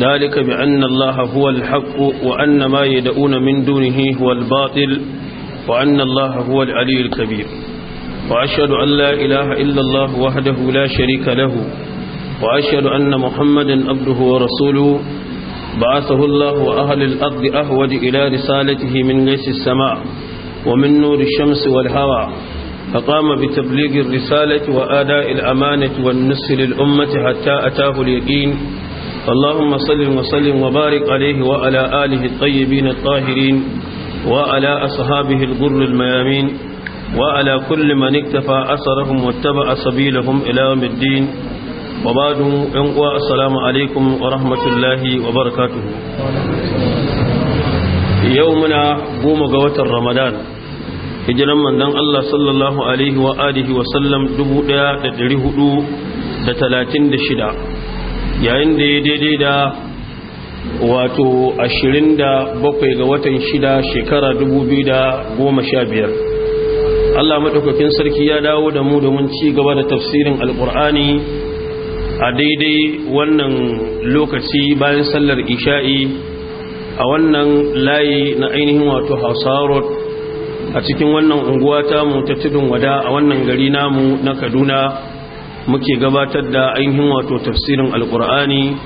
ذلك بأن الله هو الحق وأن ما يدعون من دونه هو الباطل وأن الله هو العلي الكبير وأشهد أن لا إله إلا الله وحده لا شريك له وأشهد أن محمدا عبده ورسوله بعثه الله وأهل الأرض أهود إلى رسالته من غيس السماء ومن نور الشمس والهواء فقام بتبليغ الرسالة وآداء الأمانة والنصر للأمة حتى أتاه اليقين اللهم صل وسلم وبارك عليه وعلى آله الطيبين الطاهرين وعلى أصحابه الغر الميامين وعلى كل من اكتفى أثرهم واتبع سبيلهم إلى يوم الدين وبعد أنقوى السلام عليكم ورحمة الله وبركاته يومنا قوم قوة رمضان hijiran manzon Allah sallallahu alaihi wa alihi wa sallam 1436 yayin da ya daidai da wato ashirin da bakwai ga watan shida shekara da goma sha biyar. Allah madaukakin sarki ya dawo da mu domin ci gaba da tafsirin alkur'ani a daidai wannan lokaci bayan sallar isha'i a wannan layi na ainihin wato hausarot a cikin wannan unguwa mu ta tudun wada a wannan gari namu na kaduna muke gabatar da ainihin wato tafsirin alkur'ani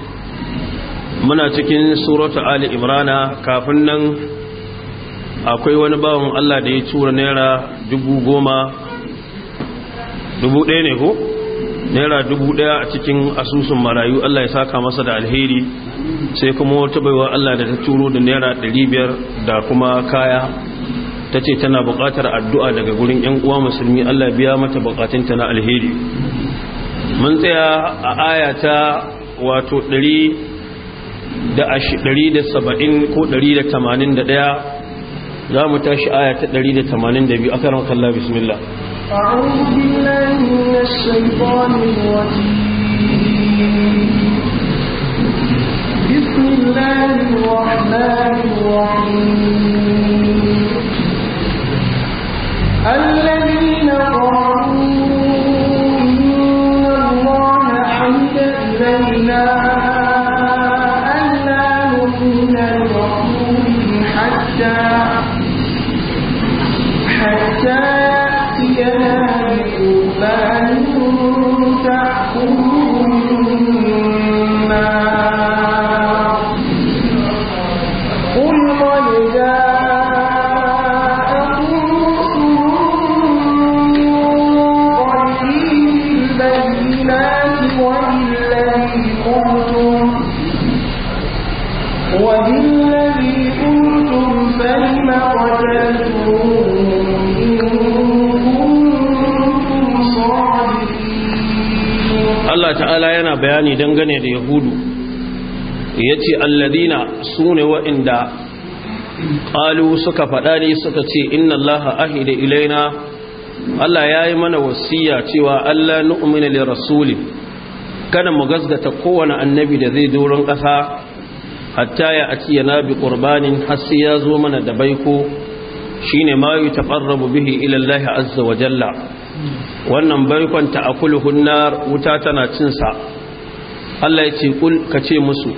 muna cikin suratu ali imrana kafin nan akwai wani bawan allah da ya tura naira dubu goma dubu ɗaya ne ko naira dubu ɗaya a cikin asusun marayu allah ya saka masa da alheri sai kuma wata baiwa allah da ta turo da naira ɗari biyar da kuma kaya ta ce tana buƙatar addu'a daga gurin ‘yan uwa musulmi Allah biya mata buƙatunta na alheri mun tsaya a ayata wato 170 ko 181 za mu tashi ayata 182 a karin kalla bismillah بسم الله الرحمن الرحيم الذين قالوا bayani dangane da yahudu ya ce alladina su ne wa'inda ƙalu suka faɗa ne suka ce inna allaha da ilaina allah ya yi mana wasiya cewa allah nu'mina li rasuli kada mu gasgata kowane annabi da zai doron ƙasa hatta ya atiya na bi ƙurbanin hasi ya zo mana da baiko shine ma yi taɓarrabu bihi ilallahi azza wa jalla wannan baikon ta akuluhun wuta tana cinsa Allah ya ce kul ka ce musu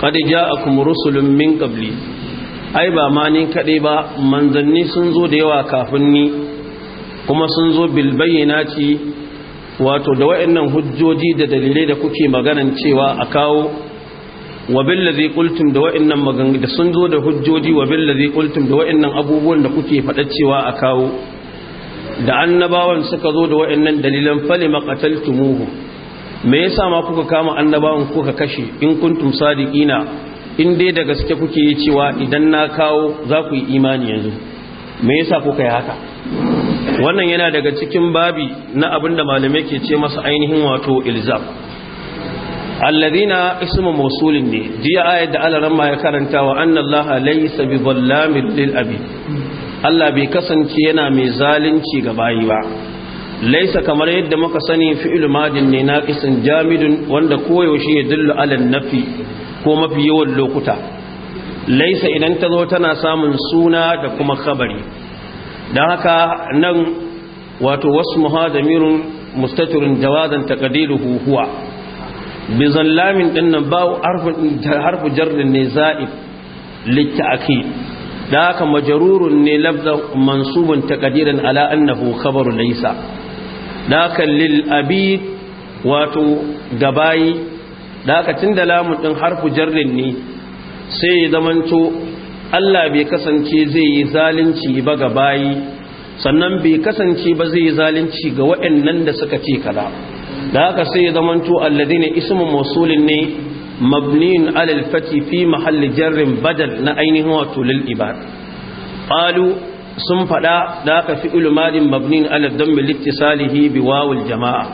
kada ja akum rusulun min qabli ai ba ma ni kadai ba manzanni sun zo da yawa kafin ni kuma sun zo bil bayyinati wato da wayannan hujjoji da dalilai da kuke maganan cewa a kawo wa ladhi qultum da wayannan magan da sun zo da hujjoji wa ladhi qultum da wayannan abubuwan da kuke faɗa cewa a kawo da annabawan suka zo da wayannan dalilan fali maqataltumuhum me yasa ma kuka kama annabawan kuka kashe in kuntum sadiqina in dai da gaske kuke yi cewa idan na kawo za ku yi imani yanzu me yasa kuka yi haka wannan yana daga cikin babi na abinda da malamai ke ce masa ainihin wato ilzam alladhina ismu mawsulin ne jiya ayat da ran ma ya karanta wa annallaha laysa bi dhallamin lil abi Allah bai kasance yana mai zalunci ga bayi ba laisa kamar yadda muka sani fi'il madin ne na kisan jamidun wanda koyaushe ya dillu alal nafi ko mafi yawan lokuta laisa idan ta zo tana samun suna da kuma khabari Don haka nan wato wasmu hadamirun mustatirun jawadan taqdiruhu huwa bi zallamin dinnan ba harfu jarrin ne za'ib litta'kid da haka majarurun ne lafzan mansubun taqdiran ala annahu khabaru laisa. da aka wato gabayi da aka tun da lamun ɗin harfu jarrin ne sai ya zamanto Allah bai kasance zai yi zalunci ba gabayi sannan bai kasance ba zai yi zalunci ga waɗannan da suka ce kaza da haka sai ya zamanto ne ismu mawsulin ne mabniin alal fati fi mahalli jarrin badal na ainihin wato lil Falu. sun faɗa da aka fi ilmadin mabnin ala dammi salihi bi wawul jama'a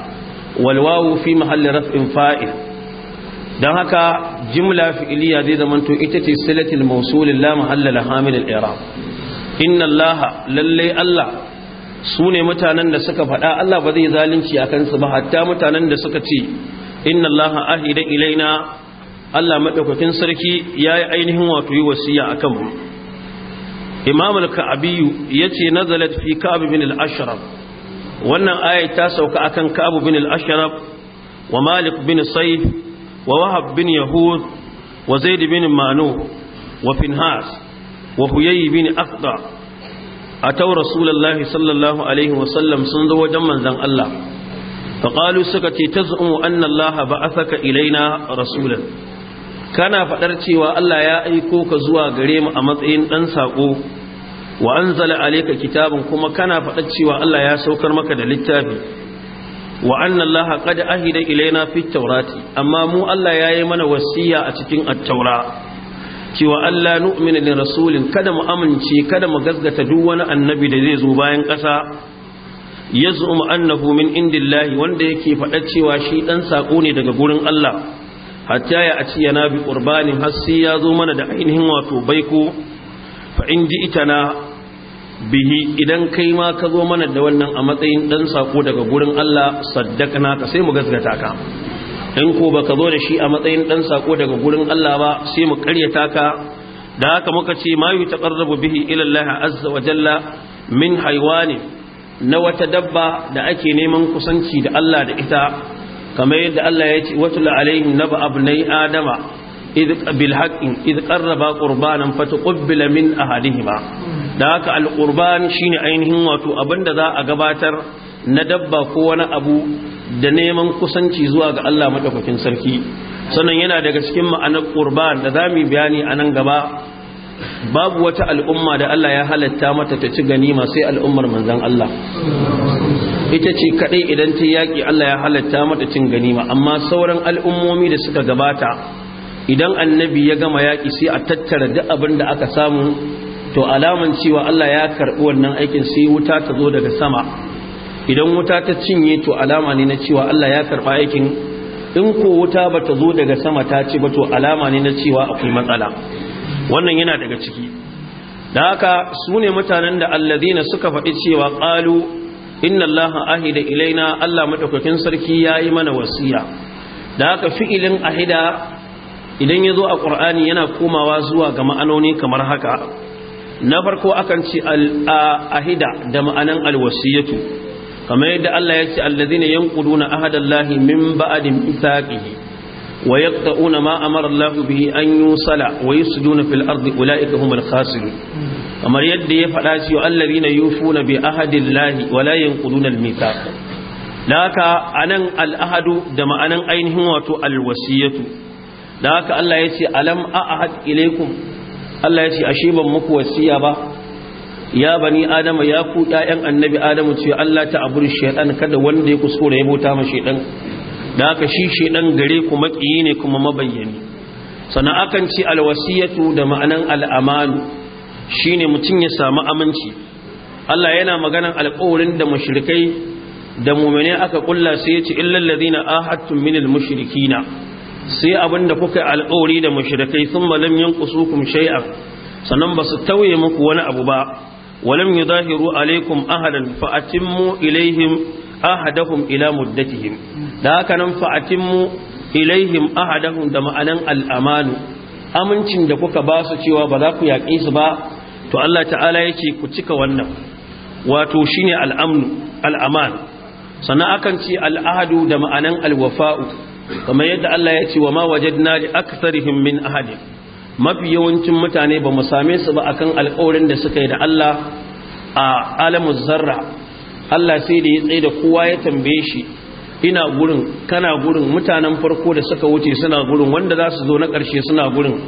Walwawu fi mahalli raf'in fa'il dan haka jimla fi'iliya zai zamanto ita ce silatul mawsul la mahalla la hamil inna allaha lalle allah ne mutanen da suka faɗa allah ba zai zalunci a kansu ba hatta mutanen da suka ce inna allaha ahida ilaina allah maɗaukakin sarki yayi ainihin wato yi wasiya akan kanmu. imam al-ka'abi yace nazalat fi ka'b bin al-ashraf wannan aya ta sauka akan ka'b bin al-ashraf wa malik bin sayf wa wahab bin yahud wa zaid bin manu wa finhas wa huyay bin aqda atau rasulullahi sallallahu alaihi wa sallam sun zo wajen manzon Allah فقالوا سكتي تزعم أن الله بعثك ilaina رسولا kana faɗar cewa Allah ya aiko ka zuwa gare mu a matsayin ɗan saƙo wa anzala alayka kitabun kuma kana faɗar cewa Allah ya saukar maka da littafi wa anna Allah qad ahida ilaina fi tawrati amma mu Allah ya yi mana wasiya a cikin at-taura cewa Allah nu'mina li rasulin kada mu amince kada mu gasgata duk wani annabi da zai zo bayan ƙasa yaz'um annahu min indillahi wanda yake faɗa cewa shi ɗan sako ne daga gurin Allah hatta ya aci yana bi qurbanin har sai ya zo mana da ainihin wato baiko fa in ji itana bihi idan kai ma ka zo mana da wannan a matsayin dan sako daga gurin Allah saddakna ka sai mu gaskata ka in ko baka zo da shi a matsayin dan sako daga gurin Allah ba sai mu karyata ka da haka muka ce ma yu taqarrabu bihi ila Allah azza wa jalla min haywani na wata dabba da ake neman kusanci da Allah da ita kamar yadda Allah ya ce watul alaihim naba abnai adama idh bil haqqin idh qarraba qurbanan fatuqbila min ahadihima da haka al shine ainihin wato abinda za a gabatar na dabba ko wani abu da neman kusanci zuwa ga Allah madaukakin sarki sannan yana daga cikin ma'anar qurban da zamu bayani a nan gaba babu wata al'umma da Allah ya halatta mata ta ci ganima sai al'ummar manzan Allah ita ce kaɗai idan ta yaƙi Allah ya halatta mata cin ganima amma sauran al'ummomi da suka gabata idan annabi ya gama yaƙi sai a tattara duk abin da aka samu to alaman cewa Allah ya karɓi wannan aikin sai wuta ta zo daga sama idan wuta ta cinye to alama ne na cewa Allah ya karɓa aikin in ko wuta ba ta zo daga sama ta ci ba to alama ne na cewa akwai matsala wannan yana daga ciki da haka su ne mutanen da alladina suka faɗi cewa ƙalu inna ahi ahida ilaina Allah madaukakin sarki ya yi mana wasiya da haka fi'ilin ahida idan ya zo a ƙur'ani yana komawa zuwa ga ma'anoni kamar haka na farko akan ce ahida da ma'anan alwasiyatu kamar yadda Allah ya ce alladina na ahadallahi min ba'adin isaƙihi ويقطعون ما أمر الله به أن يوصل ويسدون في الأرض أولئك هم الخاسرون kamar yadda ya faɗa cewa allazi na yufu na bi ahadin lahi wala yin ƙudunan mita da haka a nan al'ahadu da ma'anan ainihin wato alwasiyatu da haka Allah ya ce alam a ahad ilaikum Allah ya ce ashe ban muku wasiya ba ya bani adama ya ku ɗayan annabi adamu ce Allah ta abur shaidan kada wanda ya kuskura ya bauta ma shaidan da haka shi ɗan gare ku makiyi ne kuma mabayyani sannan akan ce alwasiyatu da ma'anan al'amanu shine mutum ya samu aminci Allah yana maganan alƙawarin da mushrikai da mu'mini aka kulla sai ya ce illal ladina ahadtum minal mushrikina sai abinda kuka alƙawari da mushrikai thumma lam yanqusukum shay'an sannan ba su tauye muku wani abu ba walam yudahiru alaikum ahadan fa atimmu ilaihim ahadahum ila muddatihim da haka nan fa'atimmu ilaihim Ahadahu da ma'anan al'amanu amincin da kuka ba su cewa ba za ku yaƙi su ba to Allah ta'ala ya ce ku cika wannan wato shine al'amnu al'aman sana'akan akan ce al'ahadu da ma'anan alwafa'u kamar yadda Allah ya ce wa ma wajadna li aktsarihim min ahadin mafi yawancin mutane ba mu same su ba akan alƙawarin da suka yi da Allah a alamu zarra Allah sai da ya tsaye da kowa ya tambaye shi ina gurin kana gurin mutanen farko da suka wuce suna gurin wanda za su zo na ƙarshe suna gurin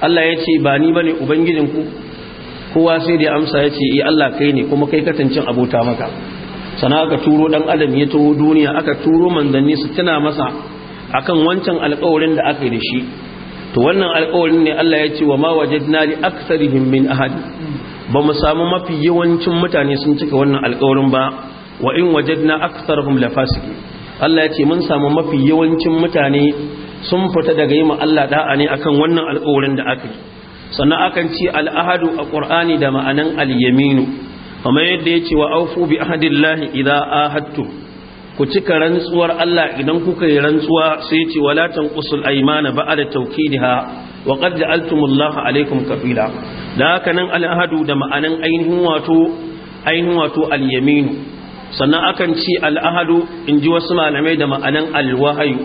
Allah ya ce ba ni ba ne ubangijinku kowa sai da amsa ya ce iya eh, Allah kai ne kuma kai katancin abota maka sana aka turo ɗan adam ya taho duniya aka turo manzanni su tuna masa akan wancan alƙawarin da aka yi da shi to wannan alƙawarin ne Allah ya ce wa ma wajadna li aktsarihim min ahad ba mu samu mafi yawancin mutane sun cika wannan alƙawarin ba wa in wajadna aktsarahum Allah ya ce mun samu mafi yawancin mutane sun fita daga yi Allah da'a ne akan wannan alƙawarin da aka yi sannan akan ce al'ahadu a ƙur'ani da ma'anan al-yaminu kamar yadda ya ce wa aufu bi ahadillahi idan ahadtu ku cika rantsuwar Allah idan kuka yi rantsuwa sai ce wala tanqusul aymana ba'da tawkidiha wa qad ja'altumullaha alaykum kafila da haka nan al'ahadu da ma'anan ainihin wato ainihin wato al-yaminu sannan akan ci al'ahadu in ji wasu malamai da ma'anan alwahayu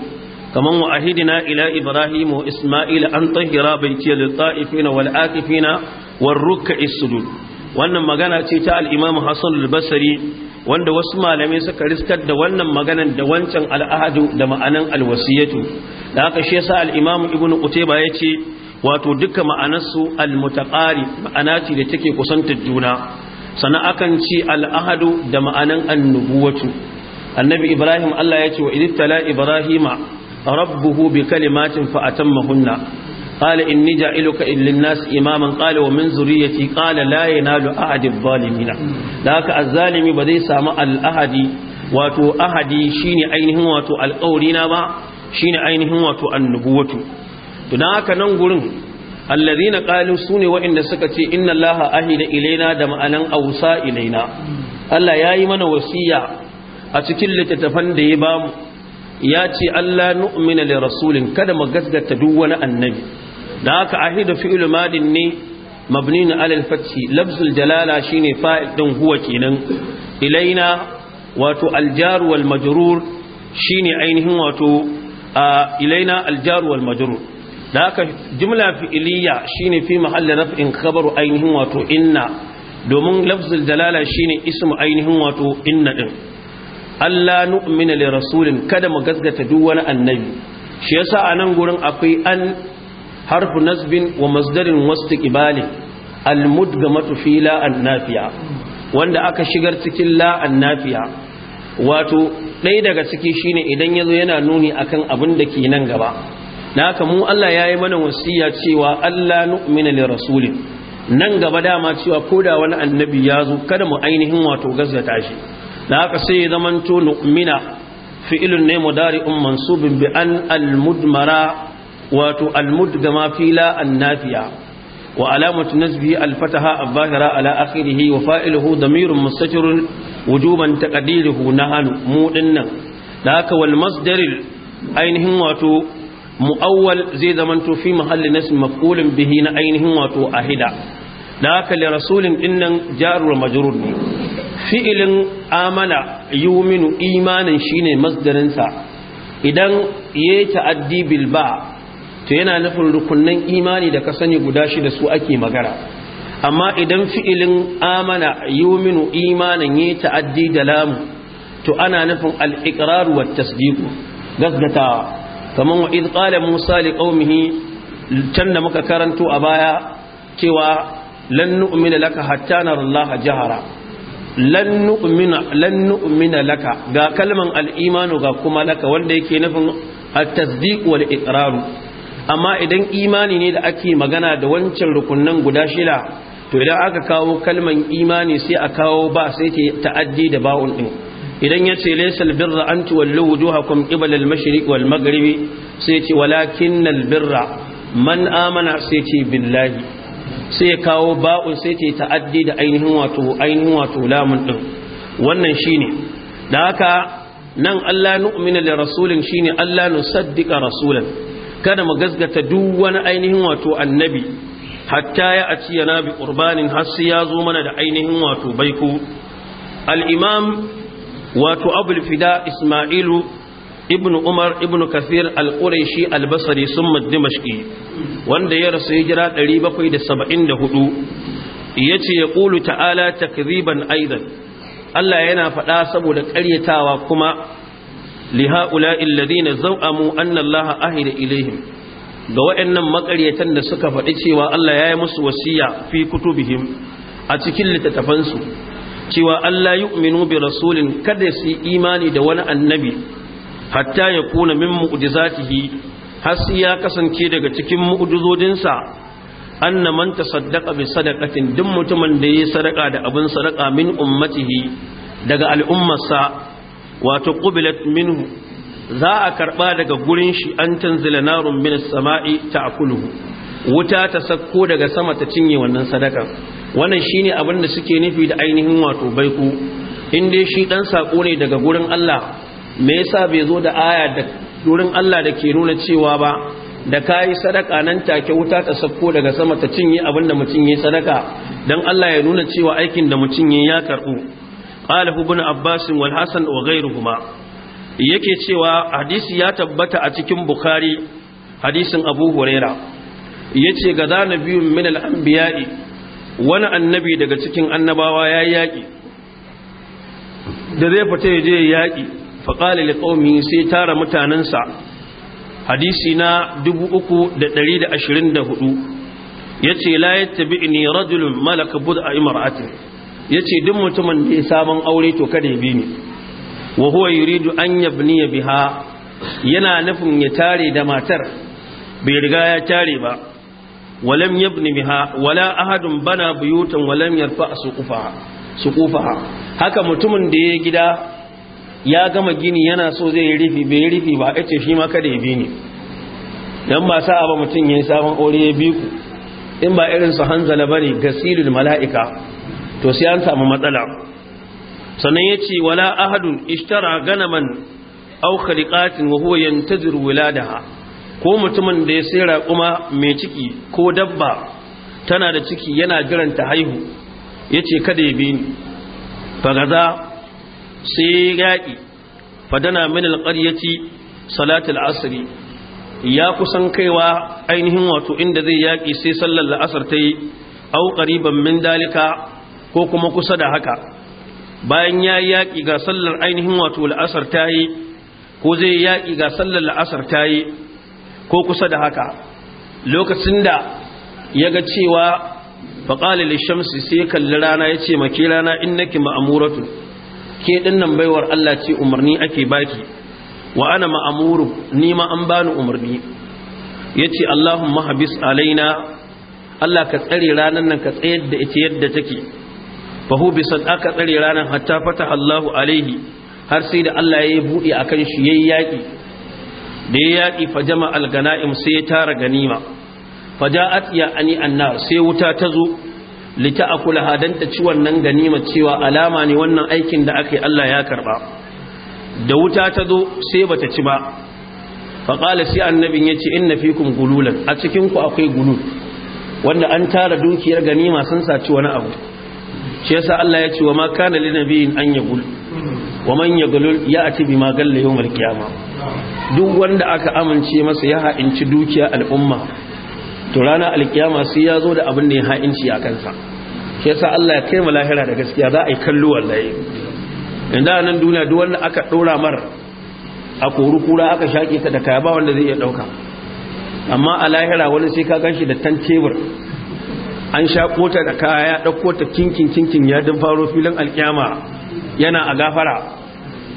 kamar wa ahidina ila ibrahim wa isma'il an tahira baiti lil ta'ifina wal akifina war ruk'i wannan magana ce ta al-imam hasan al-basri wanda wasu malamai suka riskar da wannan maganan da wancan al'ahadu da ma'anan alwasiyatu da haka shi yasa al-imam ibnu qutayba yace wato duka ma'anarsu al-mutaqari ma'ana ce da take kusantar juna Sana'akan akan ci al'ahadu da ma'anan annubuwatu annabi ibrahim allah ya ce wa iditala ibrahima rabbuhu bi kalimatin fa ƙala qala inni ja'iluka lin-nas imaman kala wa min zurriyyati qala la yanalu ahadi adh-dhalimin da haka azalimi ba zai samu al'ahadi wato ahadi shine ainihin wato alƙawrina ba shine ainihin wato annubuwatu to haka nan gurin alladhina qalu sune waɗanda suka ce inna allaha ahida ilaina da ma'anan awsa ilaina Allah yayi mana wasiya a cikin littattafan da ya bamu ya ce Allah nu'mina li rasulin kada mu gasgata duk wani annabi da haka ahida fi'l madin ne mabnin alal al-fath lafzul jalala shine fa'il din huwa kenan ilaina wato al wal majrur shine ainihin wato ilaina al wal majrur da haka jumla fi'iliya shine fi mahalli raf'in khabaru ainihin wato inna domin lafzul dalala shine ismu ainihin wato inna din Allah nu'mina li rasulin kada mu gaskata duk wani annabi shi yasa a nan gurin akwai an harfu nasbin wa masdarin wastiqbali almudgamatu fi la annafiya wanda aka shigar cikin la annafiya wato ɗaya daga ciki shine idan yazo yana nuni akan abin da ke nan gaba Da haka mu Allah ya yi mana wasiya cewa Allah nu'mina li rasulin nan gaba dama cewa ko da wani annabi ya zo kada mu ainihin wato gaskata shi Da haka sai ya zamanto nu'mina fi'ilun ne mudari'un mansubin bi an almudmara wato almudgama fila annafiya wa alamatu nasbihi alfataha abahira ala akhirih wa fa'iluhu damirun mustatirun wujuban taqdiruhu nahanu mu dinnan da haka wal masdaril ainihin wato mu'awwal zai zamanto fi mahalli nasb maf'ulun bihi na ainihin wato ahida da haka li rasulin dinnan jarur majrur ne fi'ilin amala yuminu imanin shine masdarin sa idan yayi ta'addi bil ba to yana nufin rukunnan imani da ka sani guda shi da su ake magana amma idan fi'ilin amana yuminu imanin yi ta'addi da lamu to ana nufin al'iƙirar wa tasdiku gasgatawa kaman wa idh qala musa liqaumihi can da muka karanto a baya cewa lan nu'mina laka hatta allaha jahara lan nu'mina laka ga kalman al-imanu ga kuma laka wanda yake nufin at-tasdiq wal iqrar amma idan imani ne da ake magana da wancan rukunnan guda shida to idan aka kawo kalman imani sai a kawo ba sai ta ta'addi da ba'un din idan ya ce laysal birra an tuwallu wujuhakum qibala al-mashriq wal sai ce walakinnal birra man amana sai ce billahi sai ya kawo ba'un sai ce ta'addi da ainihin wato ainihin wato lamun din wannan shine da haka nan Allah nu'mina li rasulin shine Allah nusaddiqa rasulan kada mu gasgata duk wani ainihin wato annabi hatta ya aci yana bi qurbanin har sai ya zo mana da ainihin wato baiko al-imam wato abul fida ismailu ibn umar ibn kafir al-quraishi al-basri summa dimashqi wanda ya rasu hijira 774 yace ya qulu ta'ala takriban aidan Allah yana faɗa saboda ƙaryatawa kuma li ha'ula'i alladhina zaw'amu anna Allah ahida ilaihim ga waɗannan makaryatan da suka faɗi cewa Allah ya yi musu wasiya fi kutubihim a cikin littattafansu cewa Allah yu'minu bi rasulin kada su imani da wani annabi hatta ya kuna min mu'jizatihi har sai ya kasance daga cikin an anna man tasaddaqa bi sadaqatin duk mutumin da ya yi sadaka da abin sadaka min ummatihi daga al'ummarsa wato qubilat minhu za a karba daga gurin shi an tanzila narun min as-sama'i ta'kuluhu wuta ta sakko daga sama ta cinye wannan sadaka wannan shine abin da suke nufi da ainihin wato baiku in dai shi dan sako ne daga gurin Allah me yasa bai zo da aya da gurin Allah da ke nuna cewa ba da kai sadaka nan take wuta ta sakko daga sama ta cinye abin da yayi sadaka dan Allah ya nuna cewa aikin da mutun yayi ya karbu qala ibn abbas wal hasan wa ghayruhuma yake cewa hadisi ya tabbata a cikin bukhari hadisin abu huraira yace ga zana biyun min al wani annabi daga cikin annabawa ya yi yaƙi. da zai fita ya je yaki yaƙi faƙali da ƙaumi sai tara mutanensa. hadisi na 324 ce la yattabi'ni rajulun malaka bud'a ya yace duk mutumin da ya sabon aure to kada ya bi ni wa huwa yuridu an ya biha yana nufin ya tare da matar bai riga ya tare ba ولم يبني بها ولا أحد بنى بيوتا ولم يرفع سقوفها سقوفها haka mutumin da ya gida ya gama gini yana so zai rifi, bai rifi ba ita shi ma kada ya bi ni dan ba sa ba mutum yayin sabon aure ya bi ku in ba irin su hanzala bane gasilul malaika to sai an samu matsala sannan yace wala ahadun ishtara ganaman aw khaliqatin wa huwa yantaziru wiladaha ko mutumin da ya sai raƙuma mai ciki ko dabba tana da ciki yana jiranta haihu ya ce kada ya bi ni fagaza sai yaƙi fadana min alƙaryaci salatul asri ya kusan kaiwa ainihin wato inda zai yaƙi sai sallar la'asar ta yi au ƙariban min dalika ko kuma kusa da haka bayan ya yaƙi ga sallar ainihin wato la'asar ta yi ko zai yaƙi ga sallar la'asar ta yi ko kusa da haka lokacin da ya ga cewa faƙali shamsi sai kalli rana ya ce maki rana in nake ma'amuratu ke ɗinnan baiwar Allah ce umarni ake baki wa ana ma'amuru ni ma an bani umarni ya ce Allahun mahabis alaina Allah ka tsare ranar nan ka tsayar da ita yadda take fahu bisa aka tsare ranar hatta fata Allahu alaihi har sai da Allah ya yi buɗe a kan shi ya yi yaƙi da ya yaƙi fa algana'im sai ya tara ganima fa ja'at ya ani annar sai wuta ta zo li ta'kula hadanta ci wannan ganima cewa alama ne wannan aikin da aka yi Allah ya karba da wuta ta zo sai bata ci ba fa qala sai annabin yace inna fikum gululan a cikin ku akwai gulul wanda an tara dukiyar ganima sun saci wani abu shi yasa Allah ya ce wa ma kana linabiyin an yagul wa man yagulul ya'ti bima galla yawmal qiyamah duk wanda aka amince masa ya ha'inci dukiya al'umma to rana alkiyama sai ya zo da abin da ya ha'inci a kansa shi yasa Allah ya kai mu lahira da gaskiya za a yi kallo wallahi inda nan duniya duk wanda aka dora mar a kuru kura aka shaƙe ta da kaya ba wanda zai iya ɗauka amma a lahira wani sai ka ganshi da tan tebur an sha kota da kaya ya ɗauko ta kinkin kinkin ya dan faro filin alkiyama yana a gafara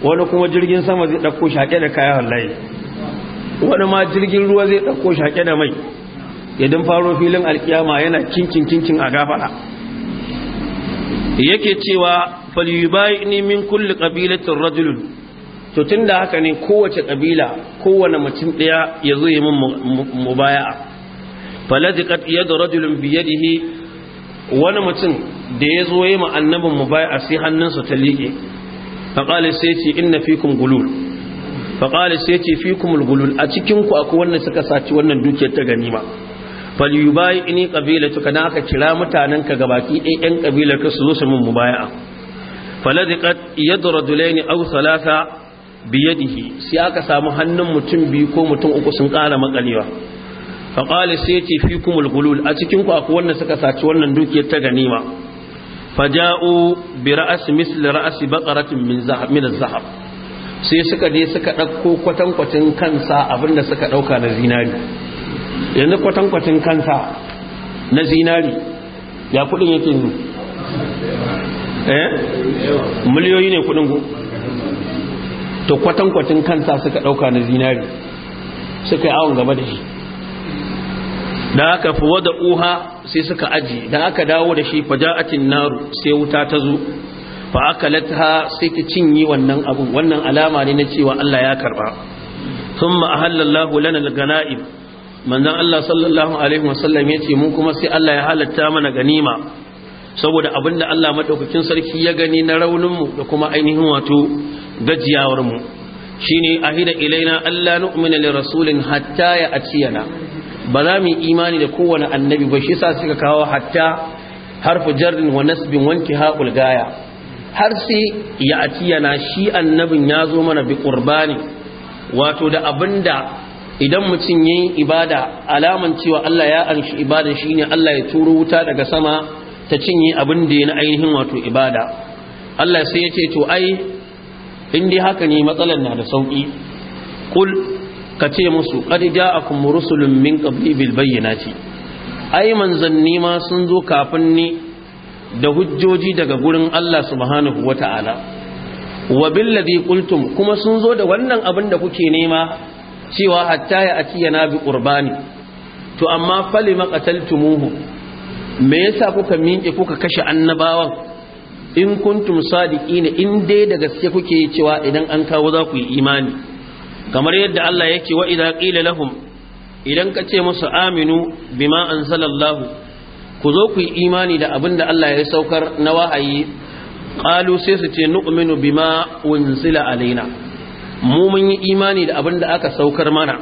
wani kuma jirgin sama zai ɗauko shaƙe da kayan layi, wani ma jirgin ruwa zai ɗauko shaƙe da mai idan faro filin alkiyama yana kinkin kinkin a gafara yake cewa falyubayi ne min kulle qabilatin rajulun to tun da haka ne kowace ƙabila kowane mutum ɗaya ya zo yi min rajulun wani mutum da zo yi ma annabin a sai hannunsa ta liƙe faƙali sai ce inna fikum gulul faƙali sai ce fikum gulul a cikinku akwai wannan suka saci wannan dukiyar ta ganima falyubayi ini ƙabilatu kana aka kira mutanen ka gabaki ɗaya ƴan ƙabilar ka su zo su min mubaya'a faladiqat yadu rajulaini aw thalatha biyadihi sai aka samu hannun mutum biyu ko mutum uku sun ƙara makalewa faƙali sai ce fikumul gulul a cikinku akwai wannan suka saci wannan dukiyar ta ganima faja'u bi ra'as misl ra'asi baqaratin min zahab min az-zahab sai suka je suka dauko kwatin kansa abinda suka dauka na zinari yanzu kwatin kansa na zinari ya kudin yake ne eh miliyoyi ne kudin ku to kwatan kwatin kansa suka dauka na zinari suka yi awon gaba da shi da aka fi wada uha sai suka aji da aka dawo da shi faja'atin naru sai wuta ta zo fa akalatha sai ta cinye wannan abu wannan alama ne na cewa Allah ya karba thumma ahallallahu lana al-ganaib manzon Allah sallallahu alaihi wasallam yace mu kuma sai Allah ya halatta mana ganima saboda abinda Allah madaukakin sarki ya gani na raunin mu da kuma ainihin wato gajiyawar mu shine ahida ilaina alla nu'mina lirasulin hatta ya atiyana ba za mu imani da kowane annabi ba shi sa suka kawo hatta harfu jarrin wa nasbin wanki haƙul gaya har sai ya atiyana shi annabin ya zo mana bi qurbani wato da abinda idan mutum yi ibada alaman cewa Allah ya anshi ibada shi ne Allah ya turo wuta daga sama ta cinye abin da na ainihin wato ibada Allah sai ya ce to ai in dai haka ne matsalar na da sauki qul ka ce musu a kuma rusulun min qabli bil ce ai manzanni ma sun zo kafin ni da hujjoji daga gurin Allah subhanahu wa ta'ala. wa billadhi qultum kuma sun zo da wannan abin da kuke nema cewa hatta ya yana bi qurbani to amma fali maqataltumuhu me yasa kuka miƙe kuka kashe annabawan in kuntum sadiqina in dai da gaske kuke cewa idan an kawo za ku yi imani kamar yadda Allah yake wa idza ƙila lahum idan ka ce musu aminu bima anzalallahu ku zo ku yi imani da abin da Allah ya saukar na wahayi ƙalu sai su ce nu'minu bima unzila alaina mu mun yi imani da abin da aka saukar mana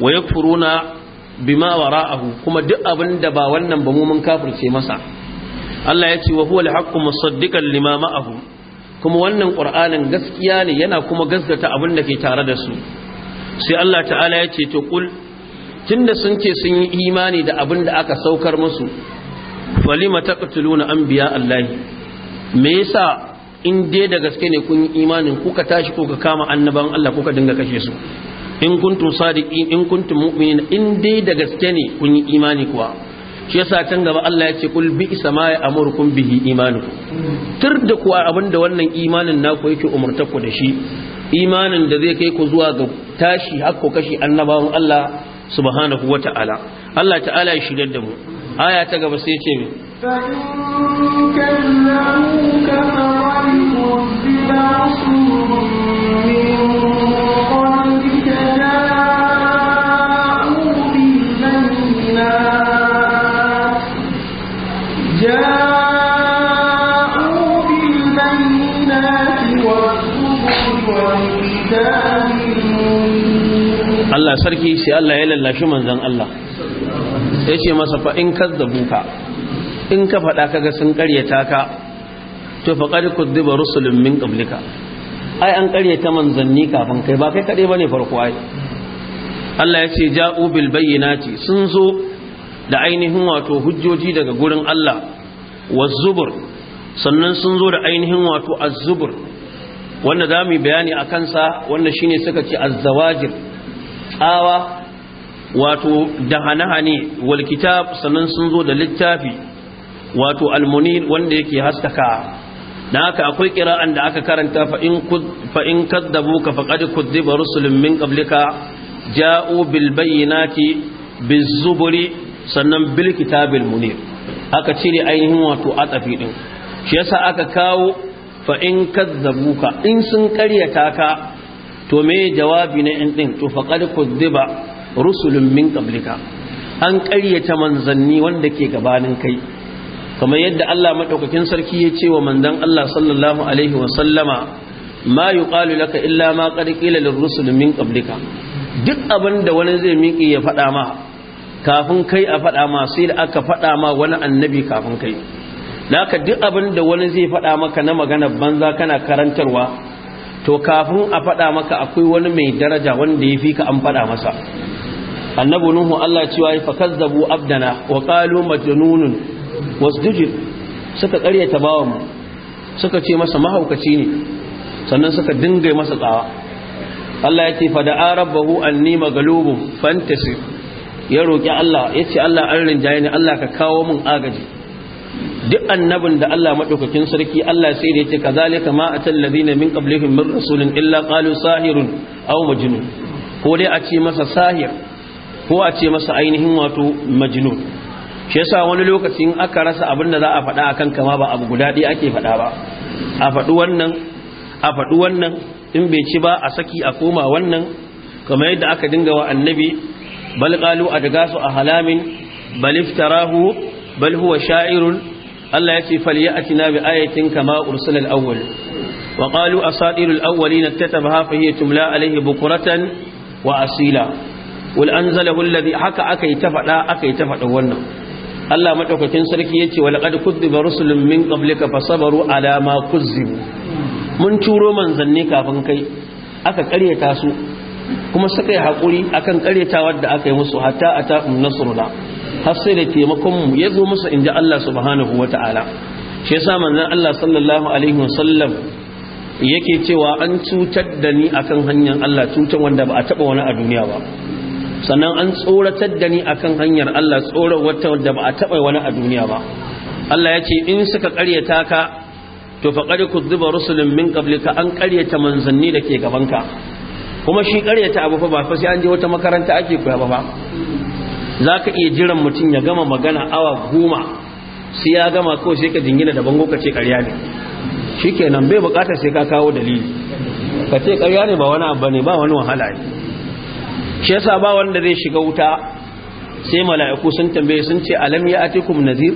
wa yakfuruna bima wara'ahu kuma duk abin da ba wannan ba mu mun kafirce masa Allah ya ce wa huwa al-haqqu musaddiqan lima ma'ahu kuma wannan qur'anin gaskiya ne yana kuma gaskata abin da ke tare da su sai Allah ta'ala ya ce to kul tunda sun ce sun yi imani da abin da aka saukar musu falima taqtuluna anbiya Allah me yasa in dai da gaske ne kun yi imanin kuka tashi kuka kama annaban Allah kuka dinga kashe su in kuntum sadiqin in kuntum mu'minin in dai da gaske ne kun yi imani kuwa shi yasa can gaba Allah ya ce kul bi isma ya amurkum bihi imanu tur da kuwa abinda wannan imanin naku yake umurta ku da shi imanin da zai kai ku zuwa ga tashi ku kashi annabawan Allah subhanahu wata'ala Allah ta'ala ya shigar da mu aya ta gaba sai ce me فإن Allah sarki sai Allah ya lallashi manzan Allah ya ce masa fa in kazzabuka in ka faɗa kaga sun ƙaryata ka to fa ku kudiba rusulun min qablika ai an ƙaryata manzanni kafin kai ba kai ba ne farko ai Allah ya ce ja'u bil bayyinati sun zo da ainihin wato hujjoji daga gurin Allah zubur sannan sun zo da ainihin wato azzubur wanda za mu bayani a kansa wanda shine suka ce azzawajir tsawa wato da hane-hane wal sannan sun zo da littafi wato almunir wanda yake haskaka na haka akwai kira'an da aka karanta fa in kaddabu ka faqad ba rusulun min qablika ja'u bil bayyinati biz zuburi sannan bil kitabil munir aka cire ainihin wato atafi din shi yasa aka kawo fa in ka in sun karyata ka to me jawabi na in din to faqad kudiba rusulun min qablika an qaryata manzanni wanda ke gabanin kai kamar yadda Allah madaukakin sarki ya ce wa manzon Allah sallallahu alaihi wa sallama ma yuqalu laka illa ma qad qila rusul min qablika duk abin da wani zai miƙi ya faɗa ma kafin kai a faɗa ma sai da aka faɗa ma wani annabi kafin kai naka duk abin da wani zai faɗa maka na magana banza kana karantarwa to kafin a faɗa maka akwai wani mai daraja wanda ya fi ka an faɗa masa annabu nuhu Allah cewa fa kazzabu abdana wa qalu majnunun wasdujir suka ta bawan mu suka ce masa mahaukaci ne sannan suka dinga masa tsawa Allah ya ce fa da'a rabbahu anni maghlubun fantasi ya roki Allah yace Allah an rinjaye ni Allah ka kawo min agaji duk annabin da Allah madaukakin sarki Allah sai da yake kazalika ma atal ladina min qablihim min rasulin illa qalu sahirun aw majnun ko dai a ce masa sahir ko a ce masa ainihin wato majnun shi yasa wani lokacin aka rasa abin da za a faɗa akan kama ba abu guda ɗaya ake faɗa ba a faɗi wannan a faɗi wannan in bai ci ba a saki a koma wannan kamar yadda aka dinga wa annabi bal qalu adgasu a halamin bal iftarahu bal huwa sha'irun Allah ya ce falyatina bi ayatin kama ursila al-awwal wa qalu asatirul awwalin ittatabaha fa hiya tumla alayhi bukratan wa asila wal anzalahu alladhi haka akai ta fada akai ta fada wannan Allah madaukakin sarki yace wa laqad kuzziba rusulun min qablika fasabaru ala ma kuzzibu mun turo manzanni kafin kai aka karyata su kuma suka yi haƙuri akan karyatawar da aka yi musu hatta atahum nasruna har sai da taimakon mu ya zo musu inji Allah subhanahu wata'ala shi yasa manzon Allah sallallahu alaihi sallam yake cewa an cutar da ni akan hanyar Allah cutar wanda ba a taba wani a duniya ba sannan an tsoratar da ni akan hanyar Allah tsorar wata wanda ba a taba wani a duniya ba Allah ya ce in suka karyata ka to faqad kudziba rusulun min qablika an karyata manzanni da ke gabanka kuma shi karyata abu fa ba fa sai an je wata makaranta ake koya ba za ka iya jiran mutum ya gama magana awa goma sai ya gama kawai sai ka jingina da bango ka ce karya ne shi kenan bai bukatar sai ka kawo dalili ka ce karya ne ba wani abu ne ba wani wahala ne shi yasa ba wanda zai shiga wuta sai mala'iku sun tambaye sun ce alam ya atikum nazir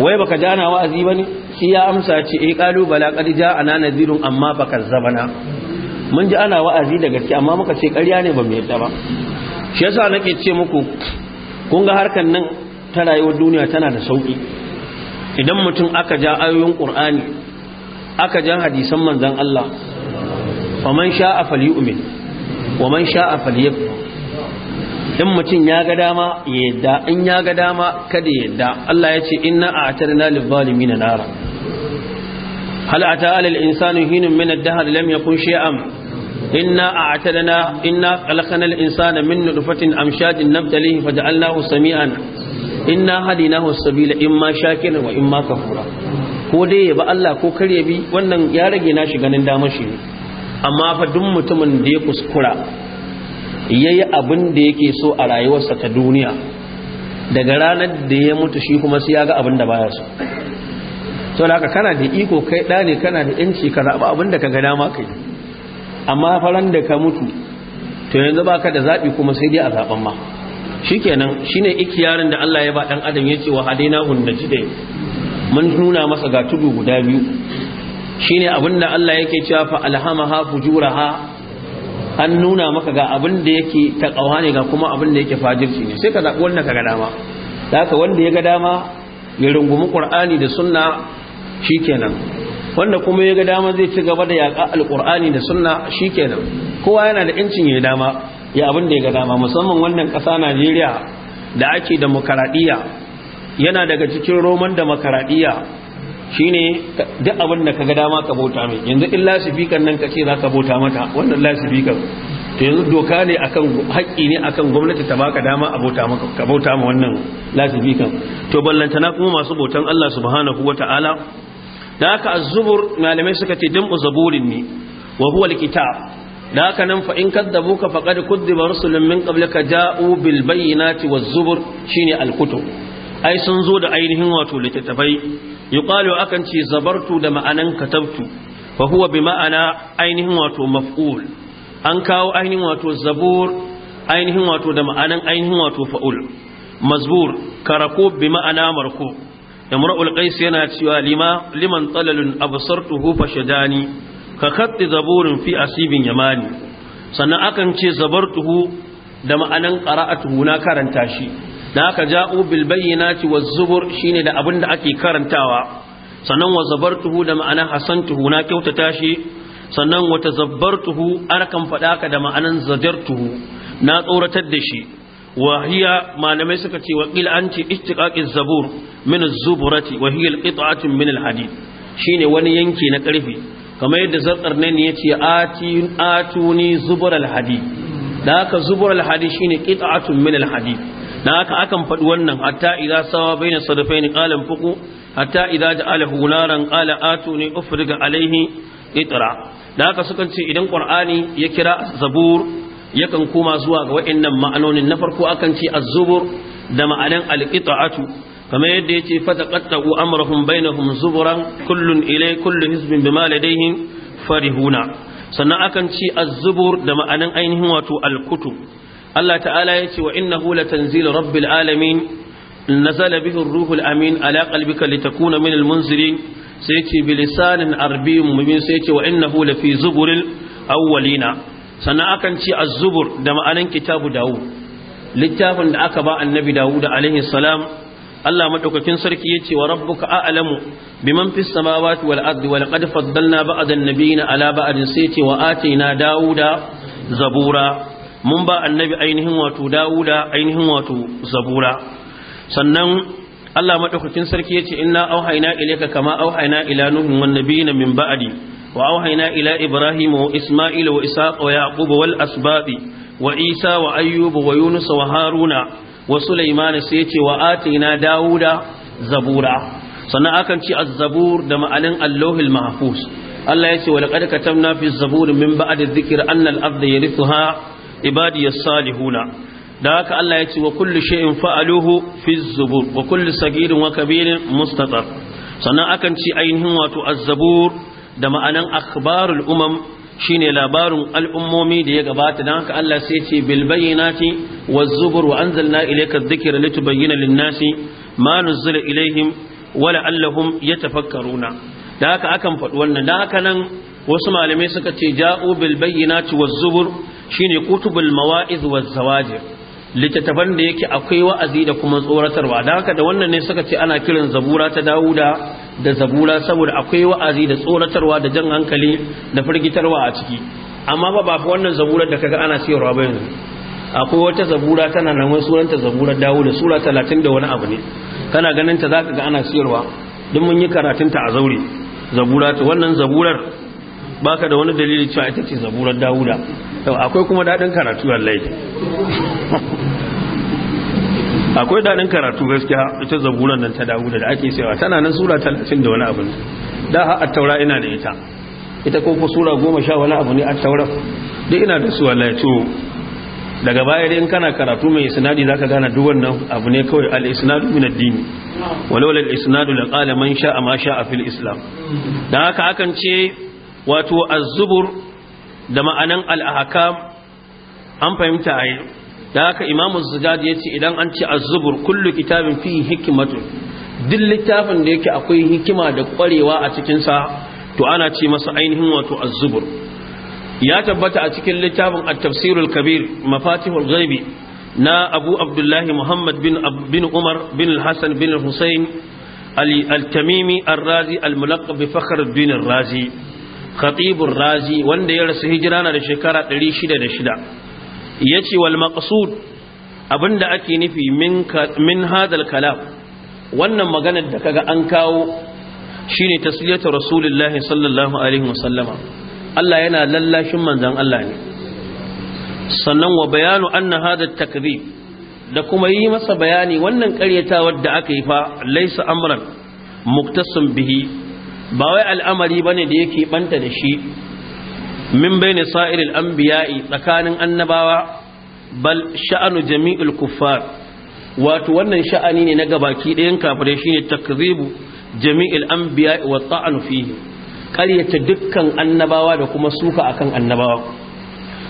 wai baka jana wa'azi bane shi ya amsa ce e, eh, qalu bala qad ja'ana nadhirun amma baka zabana mun ji ana wa'azi da gaske amma muka ce ƙarya ne ba mu yadda ba shi yasa nake ce muku kun ga harkar nan ta rayuwar duniya tana da sauki idan mutum aka ja ayoyin qur'ani aka ja hadisan manzon Allah faman sha'a falyu'min wa man sha'a falyakfur in mutum ya ga dama ya yadda in ya ga dama kada ya yadda Allah ya ce inna a'tadna lil zalimin nara hal ata alal insani hinun min ad-dahr lam yakun shay'an inna a'tadna inna khalaqnal insana min nutfatin amshajin nabtalihi faj'alnahu sami'an inna hadinahu as-sabila imma shakiran wa imma kafura ko dai ya ba Allah ko kar ya bi wannan ya rage nashi ganin damar shi ne amma fa duk mutumin da ya kuskura yayi abin da yake so a rayuwarsa ta duniya daga ranar da ya mutu shi kuma sai ya ga abin da baya so to da haka kana da iko kai da ne kana da yanci ka zaba abin da ka ga dama kai amma faran da ka mutu to yanzu baka da zabi kuma sai dai a zaben ma shikenan shine ikiyarin da Allah ya ba dan adam yace wa hadaina hun najide mun nuna masa ga tudu guda biyu shine abinda Allah yake cewa fa alhamaha fujuraha an nuna maka ga abinda yake takawa ne ga kuma abinda da yake fajirci ne sai ka zabi wanda ka ga dama da haka wanda ya ga dama ya rungumi qur'ani da sunna shikenan wanda kuma ya ga dama zai ci gaba da yaƙa alƙur'ani da sunna shi kowa yana da ƴancin ya dama ya abin da ya ga dama musamman wannan ƙasa najeriya da ake demokaraɗiyya yana daga cikin roman shi shine duk abin da ka ga dama ka bauta mai yanzu in lasifikan nan ka ce za ka bauta mata wannan lasifikan to yanzu doka ne akan haƙƙi ne akan gwamnati ta baka dama a bauta maka ka bauta ma wannan lasifikan to ballantana kuma masu bautan Allah subhanahu wataala da haka az-zubur malamai suka ce jam'u zaburin ne wa huwa al-kitab da haka nan fa in ka faqad kudiba rusulun min qablika ja'u bil bayyinati waz-zubur shine al-kutub ai sun zo da ainihin wato littattafai yuqalu akan ci zabartu da ma'anan katabtu fa huwa bi ma'ana ainihin wato maf'ul an kawo ainihin wato zabur ainihin wato da ma'anan ainihin wato fa'ul mazbur karako bi ma'ana marko imra'ul qais yana cewa lima liman talalun absartuhu fashadani ka khatti zaburin fi asibin yamani sannan akan ce zabartuhu da ma'anan qara'atuhu na karanta shi dan haka ja'u bil bayyinati waz zubur shine da abinda ake karantawa sannan wa zabartuhu da ma'anan hasantuhu na kyautata shi sannan wa tazabbartuhu ana kan fada ka da ma'anan tuhu na tsoratar da shi وهي ما نمسكت وقيل أنت اشتقاق الزبور من الزبرة وهي القطعة من الحديد شيني وني ينكي نكرفي كما يد زرقر نيني يتي آتي آتوني زبر الحديد ذاك زبر الحديد شيني قطعة من الحديد ذاك أكم فدونا حتى إذا سوى بين الصدفين قال انفقوا حتى إذا جعله نارا قال آتوني أفرق عليه قطرة ذاك سكنت إذن قرآني يكرا زبور yakan koma zuwa ga wa'annan ma'anonin na farko akan ce az-zubur da ma'anan al-qita'atu kamar yadda yace fataqattu amrahum bainahum zuburan kullun ilay kullu hizbin bima ladayhim farihuna sannan akan ce az-zubur da ma'anan ainihin wato al-kutub Allah ta'ala yace wa innahu latanzilu rabbil alamin nazala bihi ar-ruhul amin ala qalbika litakuna minal munzirin sai bi bilisanin arbi mummin sai ce wa innahu lafi zuburil awwalina sannan akan ce az-zubur da ma'anin kitabu dawud littafin da aka ba annabi dawud alaihi salam Allah madaukakin sarki yace wa rabbuka a'lamu biman fis samawati wal ardi wa laqad faddalna ba'd an-nabiyina ala ba'din sai yace wa atina dawuda zabura mun ba annabi ainihin wato dawuda ainihin wato zabura sannan Allah madaukakin sarki yace inna auhayna ilayka kama auhayna ila nuhin wan nabiyina min ba'di wa وأوحينا إلى إبراهيم وإسماعيل وإسحاق wa والأسباط وعيسى وأيوب ويونس وهارون وسليمان سيتي وآتينا داود زبورا sannan akan ci azzabur da ma'anin allohil mahfuz Allah ya ce walaqad katamna fi zabur min ba'd adh-dhikr anna al-ardha yarithuha ya as-salihuna da haka Allah ya ce wa kullu shay'in fa'aluhu fi az-zubur wa kullu sagirin wa kabirin mustatar sannan akan ci ainihin wato azzabur da ma'anan akhbarul umam shine labarin al'ummomi da ya gabata don haka Allah sai ce bil bayyinati waz zubur wa anzalna ilayka adh-dhikra litubayyana lin-nasi ma nuzila ilayhim wa la'allahum yatafakkaruna da haka akan faɗi wannan da haka nan wasu malamai suka ce ja'u bil bayyinati waz zubur shine kutubul mawa'iz waz zawajir littattafan da yake akwai wa'azi da kuma tsoratarwa don haka da wannan ne suka ce ana kiran zabura ta dawuda da zabura saboda akwai wa'azi da tsoratarwa da jan hankali da firgitarwa a ciki amma ba ba wannan zabura da kaga ana siyar ba yanzu akwai wata zabura tana nan wani sunanta zabura dawuda sura talatin da wani abu ne kana ganin ta zaka ga ana siyarwa duk mun yi karatun a zaure zabura ta wannan zaburar baka da wani dalili cewa ita ce zaburar dawuda to akwai kuma dadin karatu wallahi akwai dadin karatu gaskiya ita zaburan nan ta Dawuda da ake cewa tana nan sura 30 da wani abu da har at-taura ina da ita ita ko sura 10 wani abu ne at-taura duk ina da su wallahi to daga baya dai in kana karatu mai isnadi zaka gane duk wannan abu ne kawai al-isnadu min ad-din walau al-isnadu la qala man sha'a ma sha'a fil islam dan haka hakan ce wato az-zubur da ma'anan al an fahimta a da haka imamu zugad ya ce idan an ce azubur kullu kitabin fi hikimatu duk littafin da yake akwai hikima da kwarewa a cikinsa to ana ce masa ainihin wato azubur ya tabbata a cikin littafin a tafsirul kabir mafatihul ghaibi na abu abdullahi muhammad bin umar bin Hassan, bin al-husayn al-tamimi ar-razi al-mulaqab bi fakhr ad-din razi khatibur razi wanda ya rasu hijira na da shekara 606 yace wal maqsud abinda ake nufi min hadal kalam wannan maganar da kaga an kawo shine tasliyatu rasulullahi sallallahu alaihi wasallama Allah yana lallashin manzon Allah ne sannan wa bayanu anna hada takdhib da kuma yi masa bayani wannan karyatawar da aka yi fa laysa amran muktasan bihi ba wai al'amari bane da yake banta da shi min bayni sa'iril anbiya'i tsakanin annabawa bal sha'anu jami’ul kuffar wato wannan sha'ani ne na gabaki ɗayan kafirai shine takzibu jami'il anbiya'i wa ta'anu fihi ƙaryata dukkan annabawa da kuma suka akan annabawa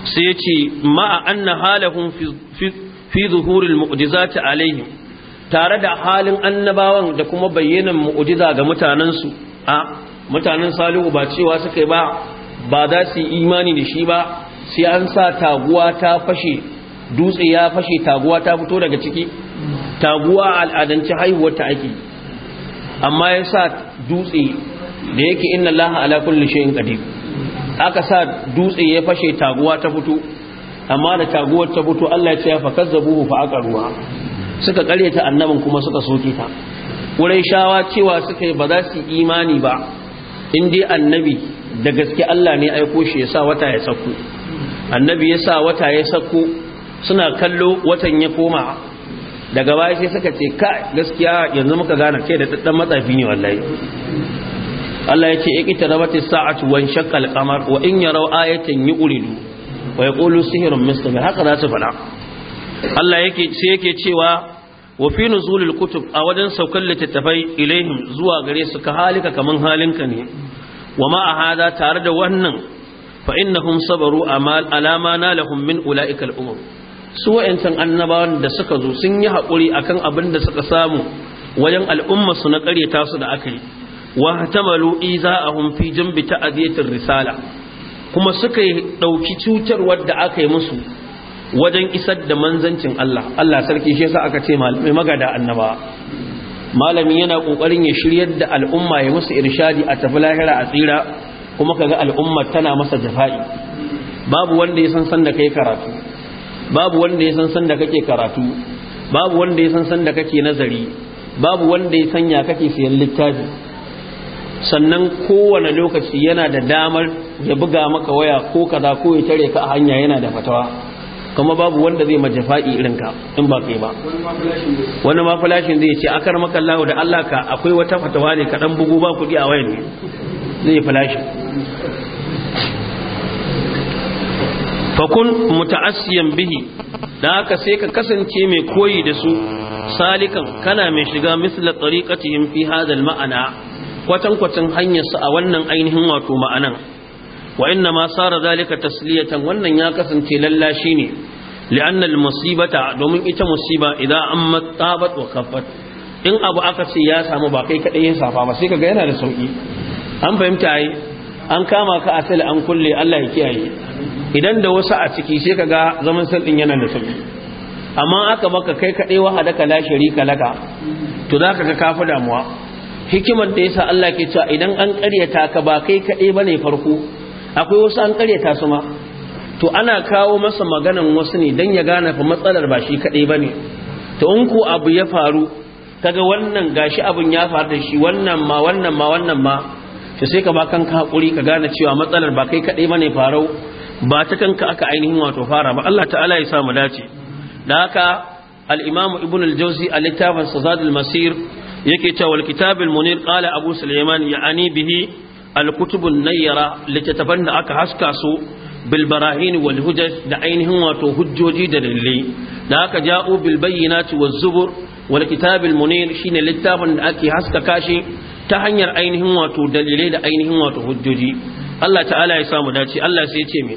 sai ya ce ma'a anna halahum fi zuhuril mu'jizati alaihim tare da halin annabawan da kuma bayyanan mu'jiza ga mutanensu a mutanen salihu ba cewa suka yi ba ba za su yi imani da shi ba sai an sa taguwa ta fashe dutse ya fashe taguwa ta fito daga ciki taguwa al'adanci haihuwar ta ake amma ya sa dutse da yake inna laha ala kulli shay'in qadir aka sa dutse ya fashe taguwa ta fito amma da taguwar ta fito Allah ya ce fa kazzabuhu fa aqaruha suka karyata annabin kuma suka soke ta shawa cewa suka yi ba za su imani ba in dai annabi da gaske Allah ne aiko shi ya sa wata ya sako annabi ya wata ya sako suna kallo watan ya koma daga baya sai suka ce ka gaskiya yanzu muka gane ke da daddan matsafi ne wallahi Allah ya ce iqtarabat as-sa'atu wa shaqqa al-qamar wa in yaraw ayatan yu'ridu wa yaqulu sihrun misl haka za su fada Allah yake sai yake cewa wa fi nuzulil kutub a wajen saukar littattafai ilaihim zuwa gare su ka halika kaman halinka ne wa ma tare da wannan fa innahum sabaru amal alama na lahum min ulaika al umur su wa'ancan annabawan da suka zo sun yi haƙuri akan abin da suka samu wajen al'umma su na karyatasu su da aka yi a hatamalu iza'ahum bita a ta'adiyatir risala kuma suka ɗauki cutarwar da aka yi musu wajen isar da manzancin Allah Allah sarki shi yasa aka ce malami magada annaba malami yana kokarin ya shiryar da al'umma ya musu irshadi a tafi lahira a tsira kuma kaga al'umma tana masa jafa'i babu wanda ya san san da kai karatu babu wanda ya san san da kake karatu babu wanda ya san san da kake nazari babu wanda ya sanya kake siyan littafi sannan kowane lokaci yana da damar ya buga maka waya ko kaza ko ya tare ka a hanya yana da fatawa kuma babu wanda zai majafa'i irin ka in ba kai ba wani ma flashin zai ce akar makallahu da Allah ka akwai wata fatawa ne kaɗan bugu ba kuɗi a wayan ne zai fa fakun muta'assiyan bihi da haka sai ka kasance mai koyi da su salikan kana mai shiga misla tariqatihim fi hadha al-ma'ana kwatan kwatan hanyar a wannan ainihin wato ma'anan wa inna ma sara zalika tasliyatan wannan ya kasance lallashi ne li'anna al-musibata domin ita musiba idan amma tabat wa kaffat in abu aka ce ya samu ba kai kadai ya safa ba sai kaga yana da sauki an fahimta ai an kama ka asali an kulle Allah ya kiyaye idan da wasu a ciki sai kaga zaman din yana da sauki amma aka baka kai kadai wahadaka la sharika laka to zaka ga kafa damuwa hikimar da yasa Allah ke cewa idan an ƙaryata ka ba kai kadai bane farko akwai wasu an ta su ma to ana kawo masa maganan wasu ne don ya gane fa matsalar ba shi kaɗai ba ne to in ko abu ya faru kaga wannan gashi abin ya faru da shi wannan ma wannan ma wannan ma to sai ka ba kanka hakuri ka gane cewa matsalar ba kai kaɗai ba ne farau ba ta kanka aka ainihin wato fara ba Allah ta'ala ya sa dace da haka al-Imam Ibn al-Jawzi a littafin sadad al-Masir yake cewa al-Kitab al-Munir qala Abu Sulaiman ya'ani bihi alkutubun nayyara littattafan da aka haska su bilbarahin wal da ainihin wato hujjoji da dalilai da aka jao bil bayyinati waz zubur wani kitabil munir shine littafin da ake haska kashi ta hanyar ainihin wato dalilai da ainihin wato hujjoji Allah ta'ala ya samu dace Allah sai ya ce me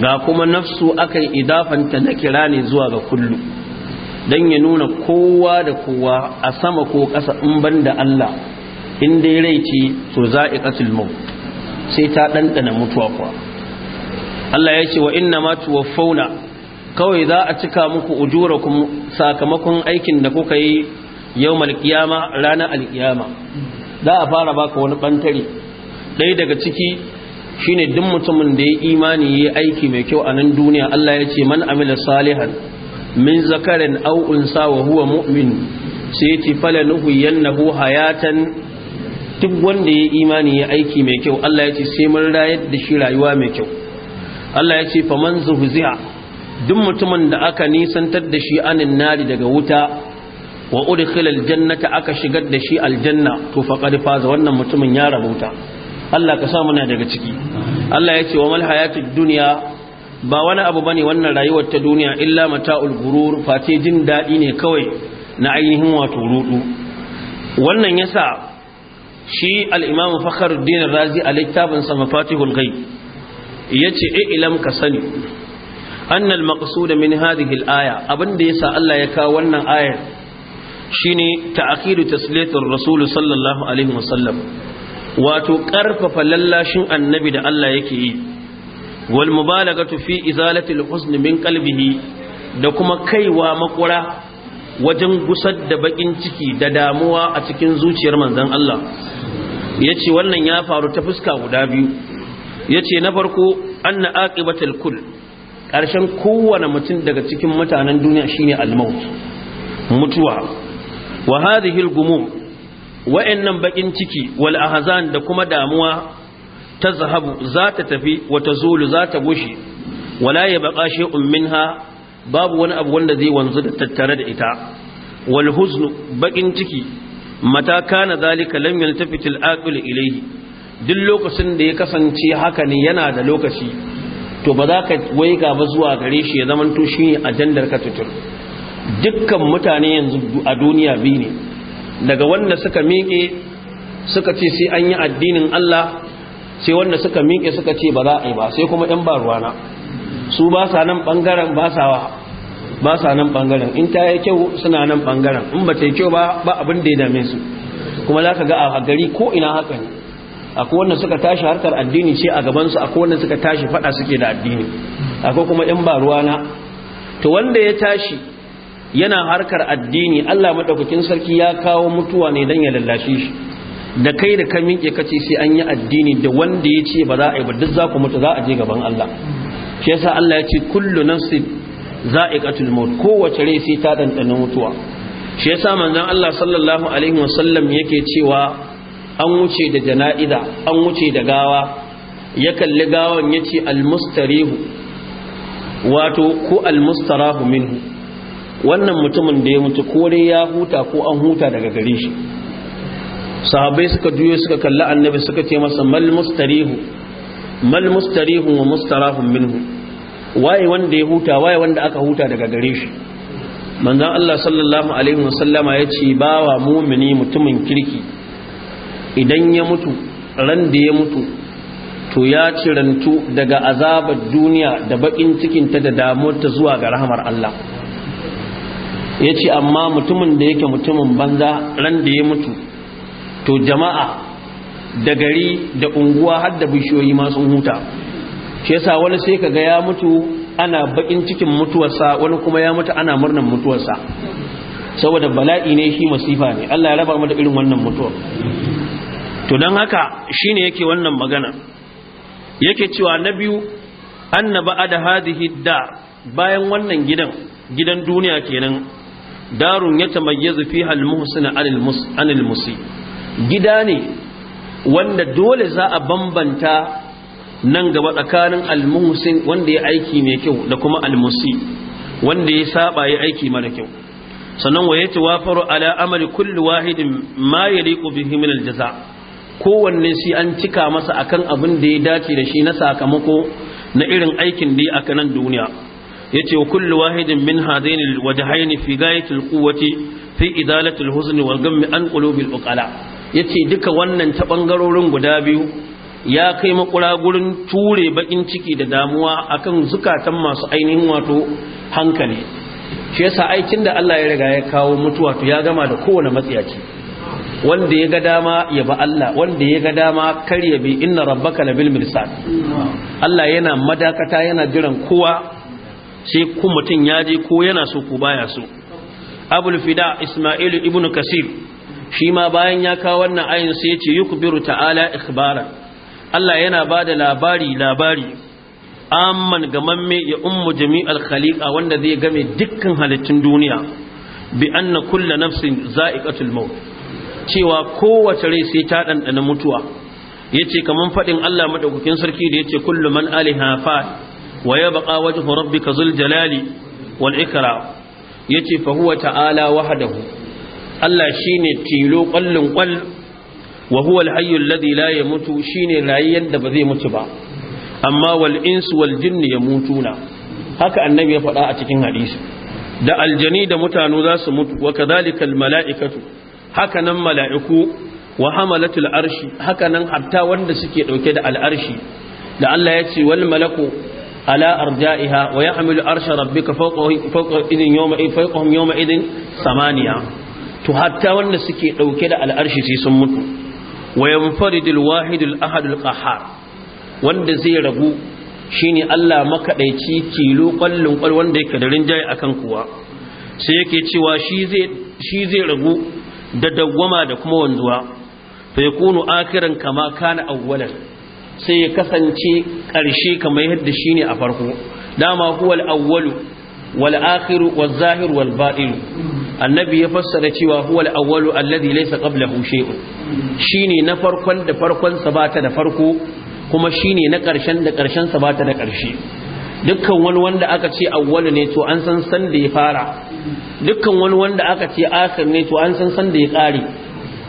ga kuma nafsu akan idafanta na kira ne zuwa ga kullu don ya nuna kowa da kowa a sama ko ƙasa in ban da Allah in dai rai ce to za a ƙasul mau sai ta ɗanɗana mutuwa kuwa Allah ya ce wa inna ma fauna kawai za a cika muku ujura sakamakon aikin da kuka yi yau malkiyama ranar alkiyama za a fara baka wani ɓantare ɗaya daga ciki shine duk mutumin da ya imani ya aiki mai kyau a nan duniya Allah ya ce man amila salihan min zakarin aw unsa wa huwa mu'min sai ya ce nuhu yannahu hayatan duk wanda ya imani ya aiki mai kyau Allah ya ce sai mun rayar da shi rayuwa mai kyau Allah ya ce fa faman zuhziha duk mutumin da aka nisantar da shi anin nari daga wuta wa udkhila jannata aka shigar da shi aljanna to faqad faza wannan mutumin ya rabuta Allah ka samu muna daga ciki Allah ya ce wa mal duniya dunya ba wani abu bane wannan rayuwar ta duniya illa mata'ul gurur face jin daɗi ne kawai na ainihin wato rudu wannan yasa shi al-Imam Fakhruddin Razi a littafin sa Mafatihul Ghaib yace ilam ka sani annal maqsud min hadhihi al-aya abinda yasa Allah ya kawo wannan ayar shine ta'khidu tasliyatir rasul sallallahu alaihi wasallam wato ƙarfafa lallashin annabi da Allah yake yi wal mubalagatu fi izalatil husn min qalbihi da kuma kaiwa makura wajen gusar da bakin ciki da damuwa a cikin zuciyar manzon Allah yace wannan ya faru ta fuska guda biyu yace na farko anna aqibatul kull ƙarshen kowane mutum daga cikin mutanen duniya shine al-maut mutuwa wa hadhihi al-gumum Wayannan baƙin ciki wal da kuma damuwa ta zahabu za ta tafi wa zulu za ta gushe wala ya baqa shay'un minha babu wani abu wanda zai wanzu da tattare da ita Walhuznu baƙin ciki mata kana zalika lam yaltafit al aqil ilayhi duk lokacin da ya kasance haka ne yana da lokaci to ba za ka wai ba zuwa gare shi ya zamanto shine ajandar ka tutur dukkan mutane yanzu a duniya biyu ne daga wanda suka miƙe suka ce sai an yi addinin Allah sai wanda suka miƙe suka ce ba za a yi ba sai kuma 'yan ba su ba sa nan ɓangaren ba sa wa ba sa nan ɓangaren in ta yi kyau suna nan ɓangaren in ba ta yi kyau ba ba abin da ya dame su kuma za ka ga a gari ko ina haka ne akwai wanda suka tashi harkar addini ce a gaban a akwai wanda suka tashi faɗa suke da addini akwai kuma 'yan ba to wanda ya tashi yana harkar addini Allah madaukakin sarki ya kawo mutuwa ne dan ya lallashi shi da kai da ka miƙe kace sai an yi addini da wanda ya ce ba za a yi ba duk za ku mutu za a je gaban Allah shi yasa Allah ya ce kullu a za'iqatul maut kowace rai sai ta dandana mutuwa shi yasa manzon Allah sallallahu alaihi wasallam yake cewa an wuce da jana'iza an wuce da gawa ya kalli gawan yace al-mustarihu wato ko al-mustarahu minhu wannan mutumin da ya mutu ko dai ya huta ko an huta daga gare shi sahabbai suka juyo suka kalli annabi suka ce masa mal mustarihu mal mustarihu wa mustarahun minhu waye wanda ya huta waye wanda aka huta daga gare shi manzon Allah sallallahu alaihi wasallama ya ce bawa mumini mutumin kirki idan ya mutu ran da ya mutu to ya cirantu daga azabar duniya da bakin cikin ta da damuwarta zuwa ga rahmar Allah ya ce amma mutumin da yake mutumin banza ran da ya mutu to jama'a da gari da unguwa har da bishiyoyi masu huta shi yasa wani sai kaga ya mutu ana bakin cikin mutuwarsa wani kuma ya mutu ana murnan mutuwarsa saboda bala'i ne shi masifa ne Allah ya raba mu da irin wannan mutuwa to dan haka shine yake wannan magana yake cewa na biyu annaba ada hadhihi dar bayan wannan gidan gidan duniya kenan darun ya tamayyazu fi al-muhsin al musi gida ne wanda dole za a bambanta nan gaba tsakanin al-muhsin wanda ya aiki mai kyau da kuma al-musi wanda ya saba ya aiki mara kyau sannan wa wafaru ala amali kulli wahidin ma yaliqu bihi min al-jaza kowanne shi an cika masa akan abin da ya dace da shi na sakamako na irin aikin da ya aka nan duniya yace wa kullu wahidin min hadain alwajhayn fi gayatil quwwati fi idalatil huzn wal gham an qulubil uqala yace duka wannan ta bangarorin guda biyu ya kai makura gurin ture bakin ciki da damuwa akan zukatan masu ainihin wato hankali shi yasa aikin da Allah ya riga ya kawo mutuwa to ya gama da kowane matsiyaci wanda ya ga dama ya ba Allah wanda ya ga dama kar ya bi inna rabbaka labil mirsad Allah yana madakata yana jiran kowa sai ku mutum ya je ko yana so ko baya so abul fida isma'il ibnu kasir shi ma bayan ya kawo wannan ayin sai ya ce yukbiru ta'ala ikhbara Allah yana ba da labari labari amman gamamme ya ummu jami'al khaliqa wanda zai game dukkan halittun duniya bi anna kullu nafsin za'iqatul maut cewa kowace rai sai ta dandana mutuwa yace kaman fadin Allah madaukakin sarki da yace kullu man aliha fa wa yabqa wajhu rabbika zul jalali wal ikram fa huwa ta'ala wahdahu Allah shine tilo ƙwallin ƙwal wa huwa al-hayyu alladhi shine rayayyen da ba zai mutu ba amma wal insu wal jinni yamutuna haka annabi ya faɗa a cikin hadisi da aljani da mutane za su mutu wa kadhalika mala'ikatu haka nan mala'iku wa hamalatul arshi haka nan hatta wanda suke dauke da al'arshi da Allah ya ce wal malaku ala arja'iha wa yahmilu arsha rabbika fawqa fawqa idin yawma fawqahum samaniya to hatta wanda suke ɗauke da al'arshi sun mutu wa yanfaridul wahidul ahadul qahhar wanda zai ragu shine Allah makadaici tilo kallon kwal wanda yake da rinjaye akan kuwa sai yake cewa shi zai ragu da dagwama da kuma wanzuwa fa yakunu akhiran kama kana awwalan sai ya kasance ƙarshe kamar yadda shi ne a farko dama huwal awwalu wal akhiru wal zahir wal batin annabi ya fassara cewa huwal awwalu alladhi laysa qablahu shay'un shine na farkon da farkon sa bata da farko kuma shine na ƙarshen da ƙarshen sa bata da ƙarshe dukkan wani wanda aka ce awwalu ne to an san san da ya fara dukkan wani wanda aka ce akhir ne to an san san da ya ƙare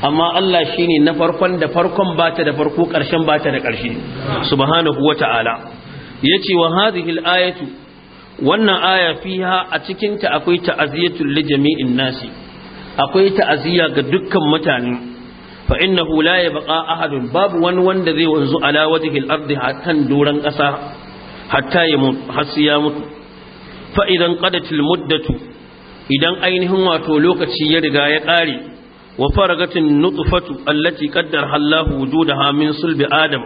amma Allah shine na farkon da farkon ta da farko ƙarshen ta da ƙarshe subhanahu wata'ala yace wa hadhihi ayatu wannan aya fiha a cikin akwai ta'ziyatul li jami'in nasi akwai ta'aziyya ga dukkan mutane fa innahu la yabqa ahadun babu wani wanda zai wanzu ala wajhi al-ardi hatan duran ƙasa hatta ya mutu hasiya mutu fa idan qadatil muddatu idan ainihin wato lokaci ya riga ya ƙare وفرغت النطفة التي قدرها الله وجودها من صلب آدم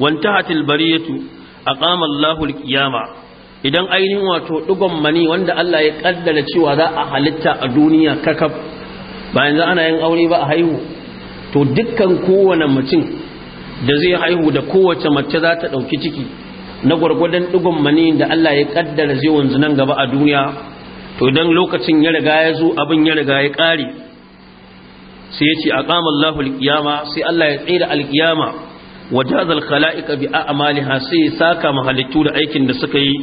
وانتهت البرية أقام الله القيامة idan ainihin wato dugon mani wanda Allah ya ƙaddara cewa za a halitta a duniya kakaf bayan za ana yin aure ba a haihu to dukkan kowane mutum da zai haihu da kowace mace za ta ɗauki ciki na gwargwadon ɗigon mani da Allah ya kaddara zai wanzu nan gaba a duniya to idan lokacin ya riga ya zo abin ya riga ya ƙare sai ya ce a Allahu alqiyama sai Allah ya tsira alqiyama wa jazal khalaiqa bi a'maliha sai saka mahalittu da aikin da suka yi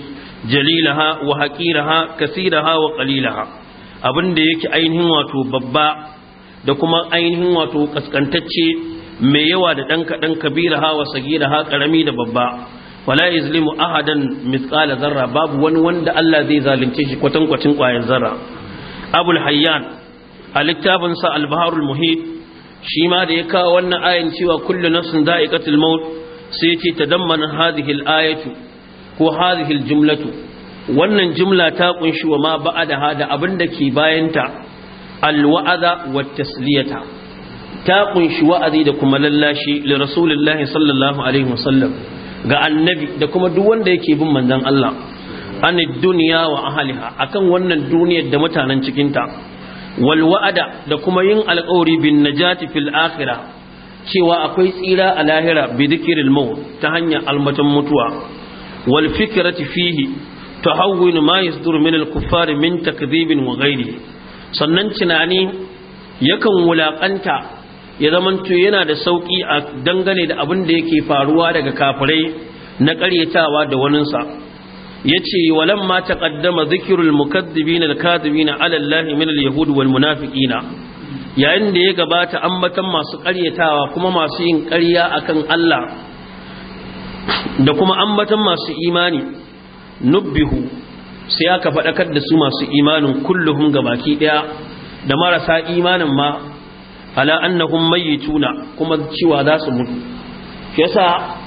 jalilaha wa haqiraha kasiraha wa qalilaha abin da yake ainihin wato babba da kuma ainihin wato kaskantacce mai yawa da ɗan kaɗan kabiraha wa sagiraha karami da babba wala yuzlimu ahadan mithqala zarra babu wani wanda Allah zai zalunce shi kwatankwacin ƙwayar zarra abul hayyan a littafinsa albaharul muhit shi ma da ya kawo wannan ayin cewa kullu nafsin da'iqatul maut sai ce tadammana hadhihi al-ayatu ko hadhihi al-jumlatu wannan jumla ta kunshi wa ma ba'ada hada abinda ke bayanta al-wa'ada wa tasliyata ta kunshi wa'azi da kuma lallashi li rasulillahi sallallahu alaihi wasallam ga annabi da kuma duk wanda yake bin manzon Allah anid dunya wa ahliha akan wannan duniyar da mutanen cikinta walwa'ada da kuma yin alƙawari bin najati fil akhirah cewa akwai tsira a lahira bi dhikril maut ta hanyar almatan mutuwa wal fikrati fihi tahawwin ma yasdur min al kuffari min takdhibin wa ghairi sannan tunani yakan wulakanta ya zamanto yana da sauƙi a dangane da abin da yake faruwa daga kafirai na ƙaryatawa da waninsa yace walamma taqaddama dhikrul mukaththibina al-kadhibina ala allahi min al-yahud wal munafiqina yayin da ya gabata ambatan masu ƙaryatawa kuma masu yin ƙarya akan Allah da kuma ambatan masu imani nubbihu sai aka faɗakar da su masu imanin kulluhum gabaki ɗaya da marasa imanin ma ala annahum mayituna kuma cewa za su mutu yasa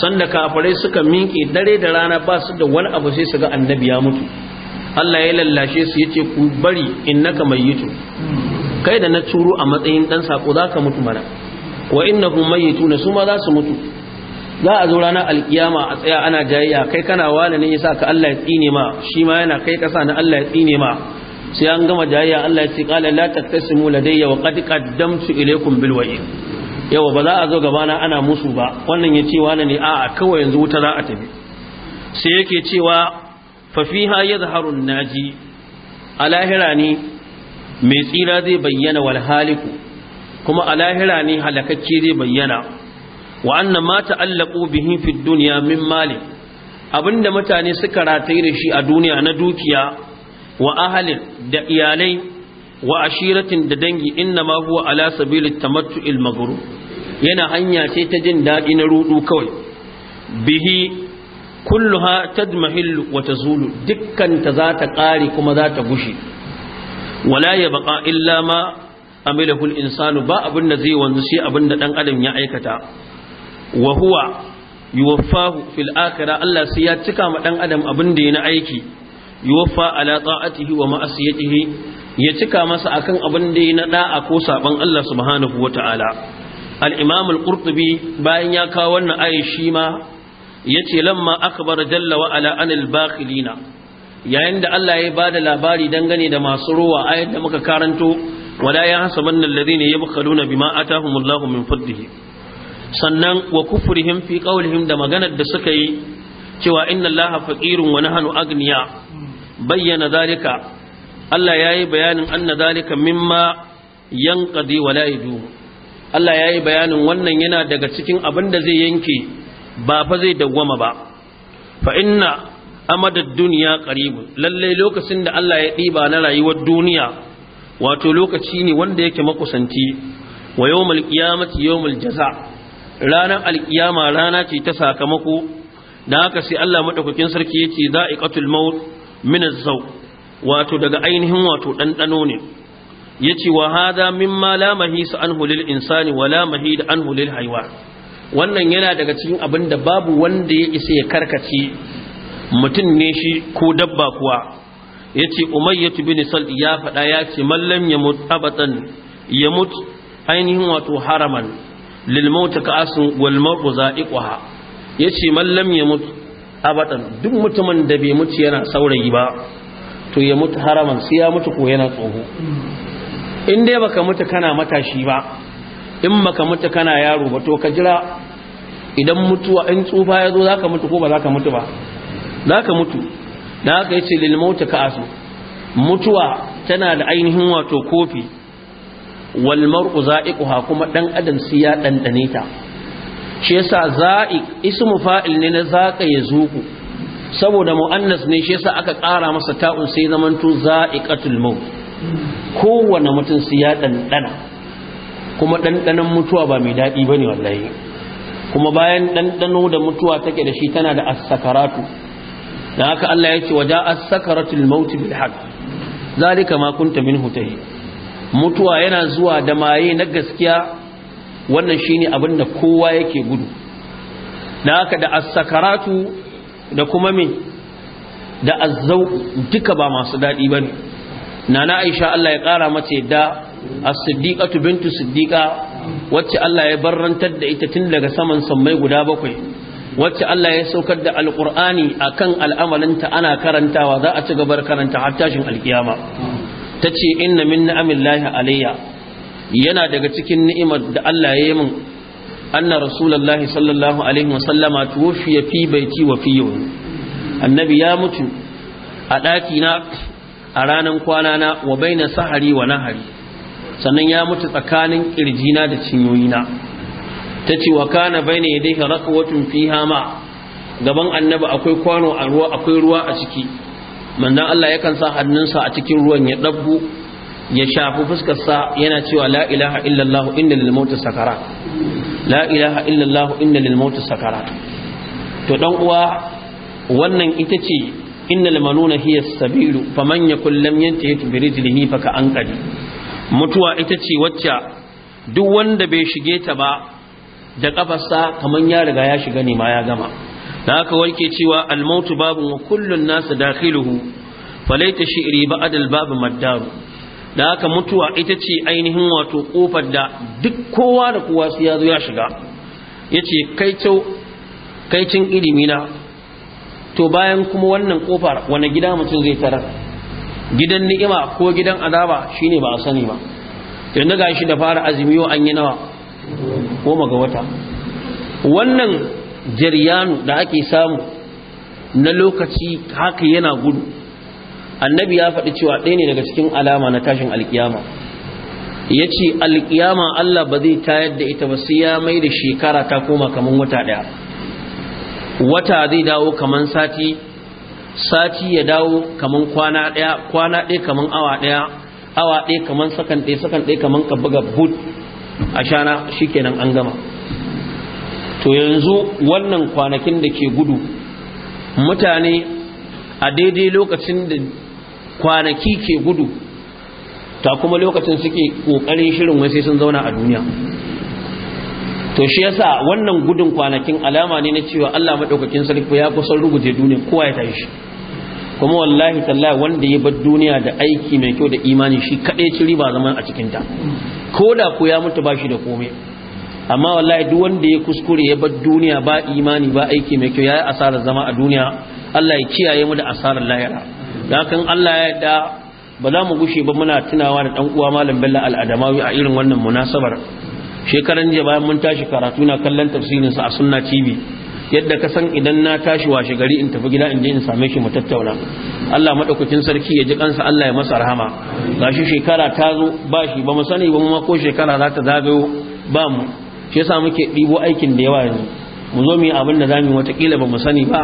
sanda kafirai suka miƙe dare da rana ba su da wani abu sai su ga annabi ya mutu Allah ya lallashe su yace ku bari innaka mayyitu kai da na turo a matsayin dan sako zaka mutu mana wa innahum mayyituna su ma za su mutu za a zo ranar alkiyama a tsaya ana jayayya kai kana wani ne yasa ka Allah ya tsine ma shi ma yana kai kasa na Allah ya tsine ma sai an gama jayayya Allah ya ce qala la taqtasimu ladayya wa qad qaddamtu ilaykum bil wa'id yawa ba za a zo gabana ana musu ba wannan ya ce wani ne a'a kawai yanzu wuta za a tafi sai yake cewa fafiha ya zaharun naji a lahira ne mai tsira zai bayyana wal haliku kuma a lahira ne halakacce zai bayyana Wa ma mata bihin fi duniya min mali abinda mutane suka rataye da shi a duniya na dukiya wa ahalin da iyalai wa ashiratin da dangi inna ma huwa ala sabili tamattu'il maghru yana hanya ce ta jin dadi na rudu kawai bihi kulluha tadmahil wa tazulu dukkan ta za ta kare kuma za ta gushi wala yabqa illa ma amilahu al-insanu ba abin da zai wanzu sai abin da dan adam ya aikata wa huwa yuwaffahu fil akhirah Allah sai ya cika ma dan adam abin da na aiki yuwaffa ala ta'atihi wa ma'asiyatihi ya cika masa akan abin da ya na da'a ko saɓan Allah subhanahu wata'ala al-imam al bayan ya kawo wannan aishi ma ya ce lamma akbar jalla wa ala anil Bakilina. yayin da Allah ya bada labari dangane da masu ruwa ayat da muka karanto wala ya hasabanna alladhina yabkhaluna bima atahumullahu min fadlihi sannan wa kufrihim fi qawlihim da maganar da suka yi cewa inna allaha faqirun wa nahnu agniya bayyana zalika Allah ya yi bayanin anna zalika mimma yanqadi wa la Allah ya yi bayanin wannan yana daga cikin abin da zai yanke ba fa zai dawwama ba fa inna amadad dunya qaribu lalle lokacin da Allah ya diba na rayuwar duniya wato lokaci ne wanda yake makusanci wa yawmul qiyamati yawmal jaza ranar alkiyama rana ce ta sakamako da haka sai Allah madaukakin sarki yace za'iqatul maut min az-zawq wato daga ainihin wato ɗanɗano ne ya ce wa hada mimma la su an hulil insani wa la da an hulil haiwa wannan yana daga cikin abin da babu wanda ya isa ya karkace mutum ne shi ko dabba kuwa ya ce umayyatu bin sal ya faɗa ya ce mallam ya mutu abatan ya mutu ainihin wato haraman lil mauta ka'asun wal mar'u kwaha. ya ce mallam ya mutu abatan duk mutumin da bai mutu yana saurayi ba to ya mutu haraman sai ya mutu ko yana tsoho in dai baka mutu kana matashi ba in baka mutu kana yaro ba to ka jira idan mutuwa in tsufa ya zo za ka mutu ko ba za ka mutu ba za ka mutu da haka yace lil lilmauta ka asu mutuwa tana da ainihin wato kofi wal mar'u za'iquha kuma dan adam sai ya dandane ta shi yasa za'iq ismu fa'il ne na zaqa yazuku saboda mu'annas ne shi yasa aka ƙara masa ta'un sai zaman tu za'iqatul maut kowanne mutum sai ya dandana kuma dandanan mutuwa ba mai daɗi bane wallahi kuma bayan dandano da mutuwa take da shi tana da as-sakaratu dan haka Allah yake waja as-sakaratul maut bil haqq zalika ma kunta minhu tahi mutuwa yana zuwa da maye na gaskiya wannan shine abin da kowa yake gudu dan haka da as-sakaratu da kuma min, da azzau duka ba masu daɗi ba ne nana aisha Allah ya ƙara mace da a siddiqatu bintu siddiqa wacce Allah ya barrantar da ita tun daga saman sammai guda bakwai wacce Allah ya saukar da a akan al'amalinta ana karantawa za a ci gaba karanta har tashin alkiyama tace inna min ni'amillahi alayya yana daga cikin ni'imar da Allah ya yi min anna rasulullahi sallallahu alaihi wasallama tuwfiya fi baiti wa fi yawmi annabi ya mutu a ɗakina a ranar kwana na wa sahari wa nahari sannan ya mutu tsakanin kirjina da cinyoyina ce wa kana baina yadayhi raqwatun fiha Fihama. gaban annabi akwai kwano a ruwa akwai ruwa a ciki manzan Allah yakan sa hannunsa a cikin ruwan ya dabbu ya shafi fuskarsa yana cewa la ilaha illallah inna lil sakara la ilaha illallah inna lil mauti sakarat to dan uwa wannan ita ce innal manuna hiya sabilu faman yakul lam yantahi bi rijlihi fa ka anqadi mutuwa ita ce wacce duk wanda bai shige ta ba da kafarsa kaman ya riga ya shiga ne ma ya gama da haka warke cewa al mautu babu wa kullun nas dakhiluhu falaita shi'ri ba'd al bab maddaru da haka mutuwa ita ce ainihin wato kofar da duk kowa da kowa su ya zo ya shiga ya ce kaicin ilimi na to bayan kuma wannan kofar wani gida mutum zai tarar gidan ni'ima ko gidan azaba shine ba a sani ba yanzu ga shi da fara azumi yau an yi nawa goma ga wata wannan jaryanu da ake samu na lokaci haka yana gudu annabi ya faɗi cewa ɗaya ne daga cikin alama na tashin alkiyama ya ce alkiyama Allah ba zai tayar da ita ba sai ya mai da shekara ta koma kamar wata ɗaya wata zai dawo kamar sati sati ya dawo kamar kwana ɗaya kwana ɗaya kamar awa ɗaya awa ɗaya kamar sakan ɗaya sakan ɗaya kamar ka buga but a shana shikenan an gama to yanzu wannan kwanakin da ke gudu mutane a daidai lokacin da kwanaki ke gudu ta kuma lokacin suke kokarin shirin wai sun zauna a duniya to shi yasa wannan gudun kwanakin alama ne na cewa Allah madaukakin sarki ya kusan ruguje duniya kowa ya tashi kuma wallahi tallahi wanda ya bar duniya da aiki mai kyau da imani shi kaɗai ciri ba zaman a cikin ta ko da ko ya mutu bashi da komai amma wallahi duk wanda ya kuskure ya bar duniya ba imani ba aiki mai kyau yayi asarar zama a duniya Allah ya kiyaye mu da asarar lahira dakan Allah ya yarda ba za mu gushe ba muna tunawa da dan uwa malam Bello Aladamawi a irin wannan munasabar shekaran jiya bayan mun tashi karatu na kallon tafsirin sa a Sunna TV yadda ka san idan na tashi washe gari in tafi gida in je in same shi mu tattauna Allah madaukakin sarki ya ji kansa Allah ya masa rahama gashi shekara ta zo ba shi ba mu sani ba mu ma ko shekara za ta zagayo ba mu shi yasa muke ɗibo aikin da yawa yanzu mu zo mu yi abin da zamu wata kila ba mu sani ba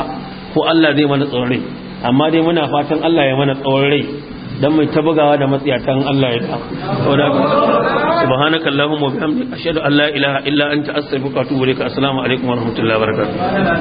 ko Allah zai mana tsore amma dai muna fatan Allah ya mana tsawon rai don mai tabugawa da matsiyatan Allah ya da subhanaka allahumma bihamdika ashhadu an la ilaha illa anta astaghfiruka wa atubu ilaik assalamu alaikum wa rahmatullahi wa barakatuh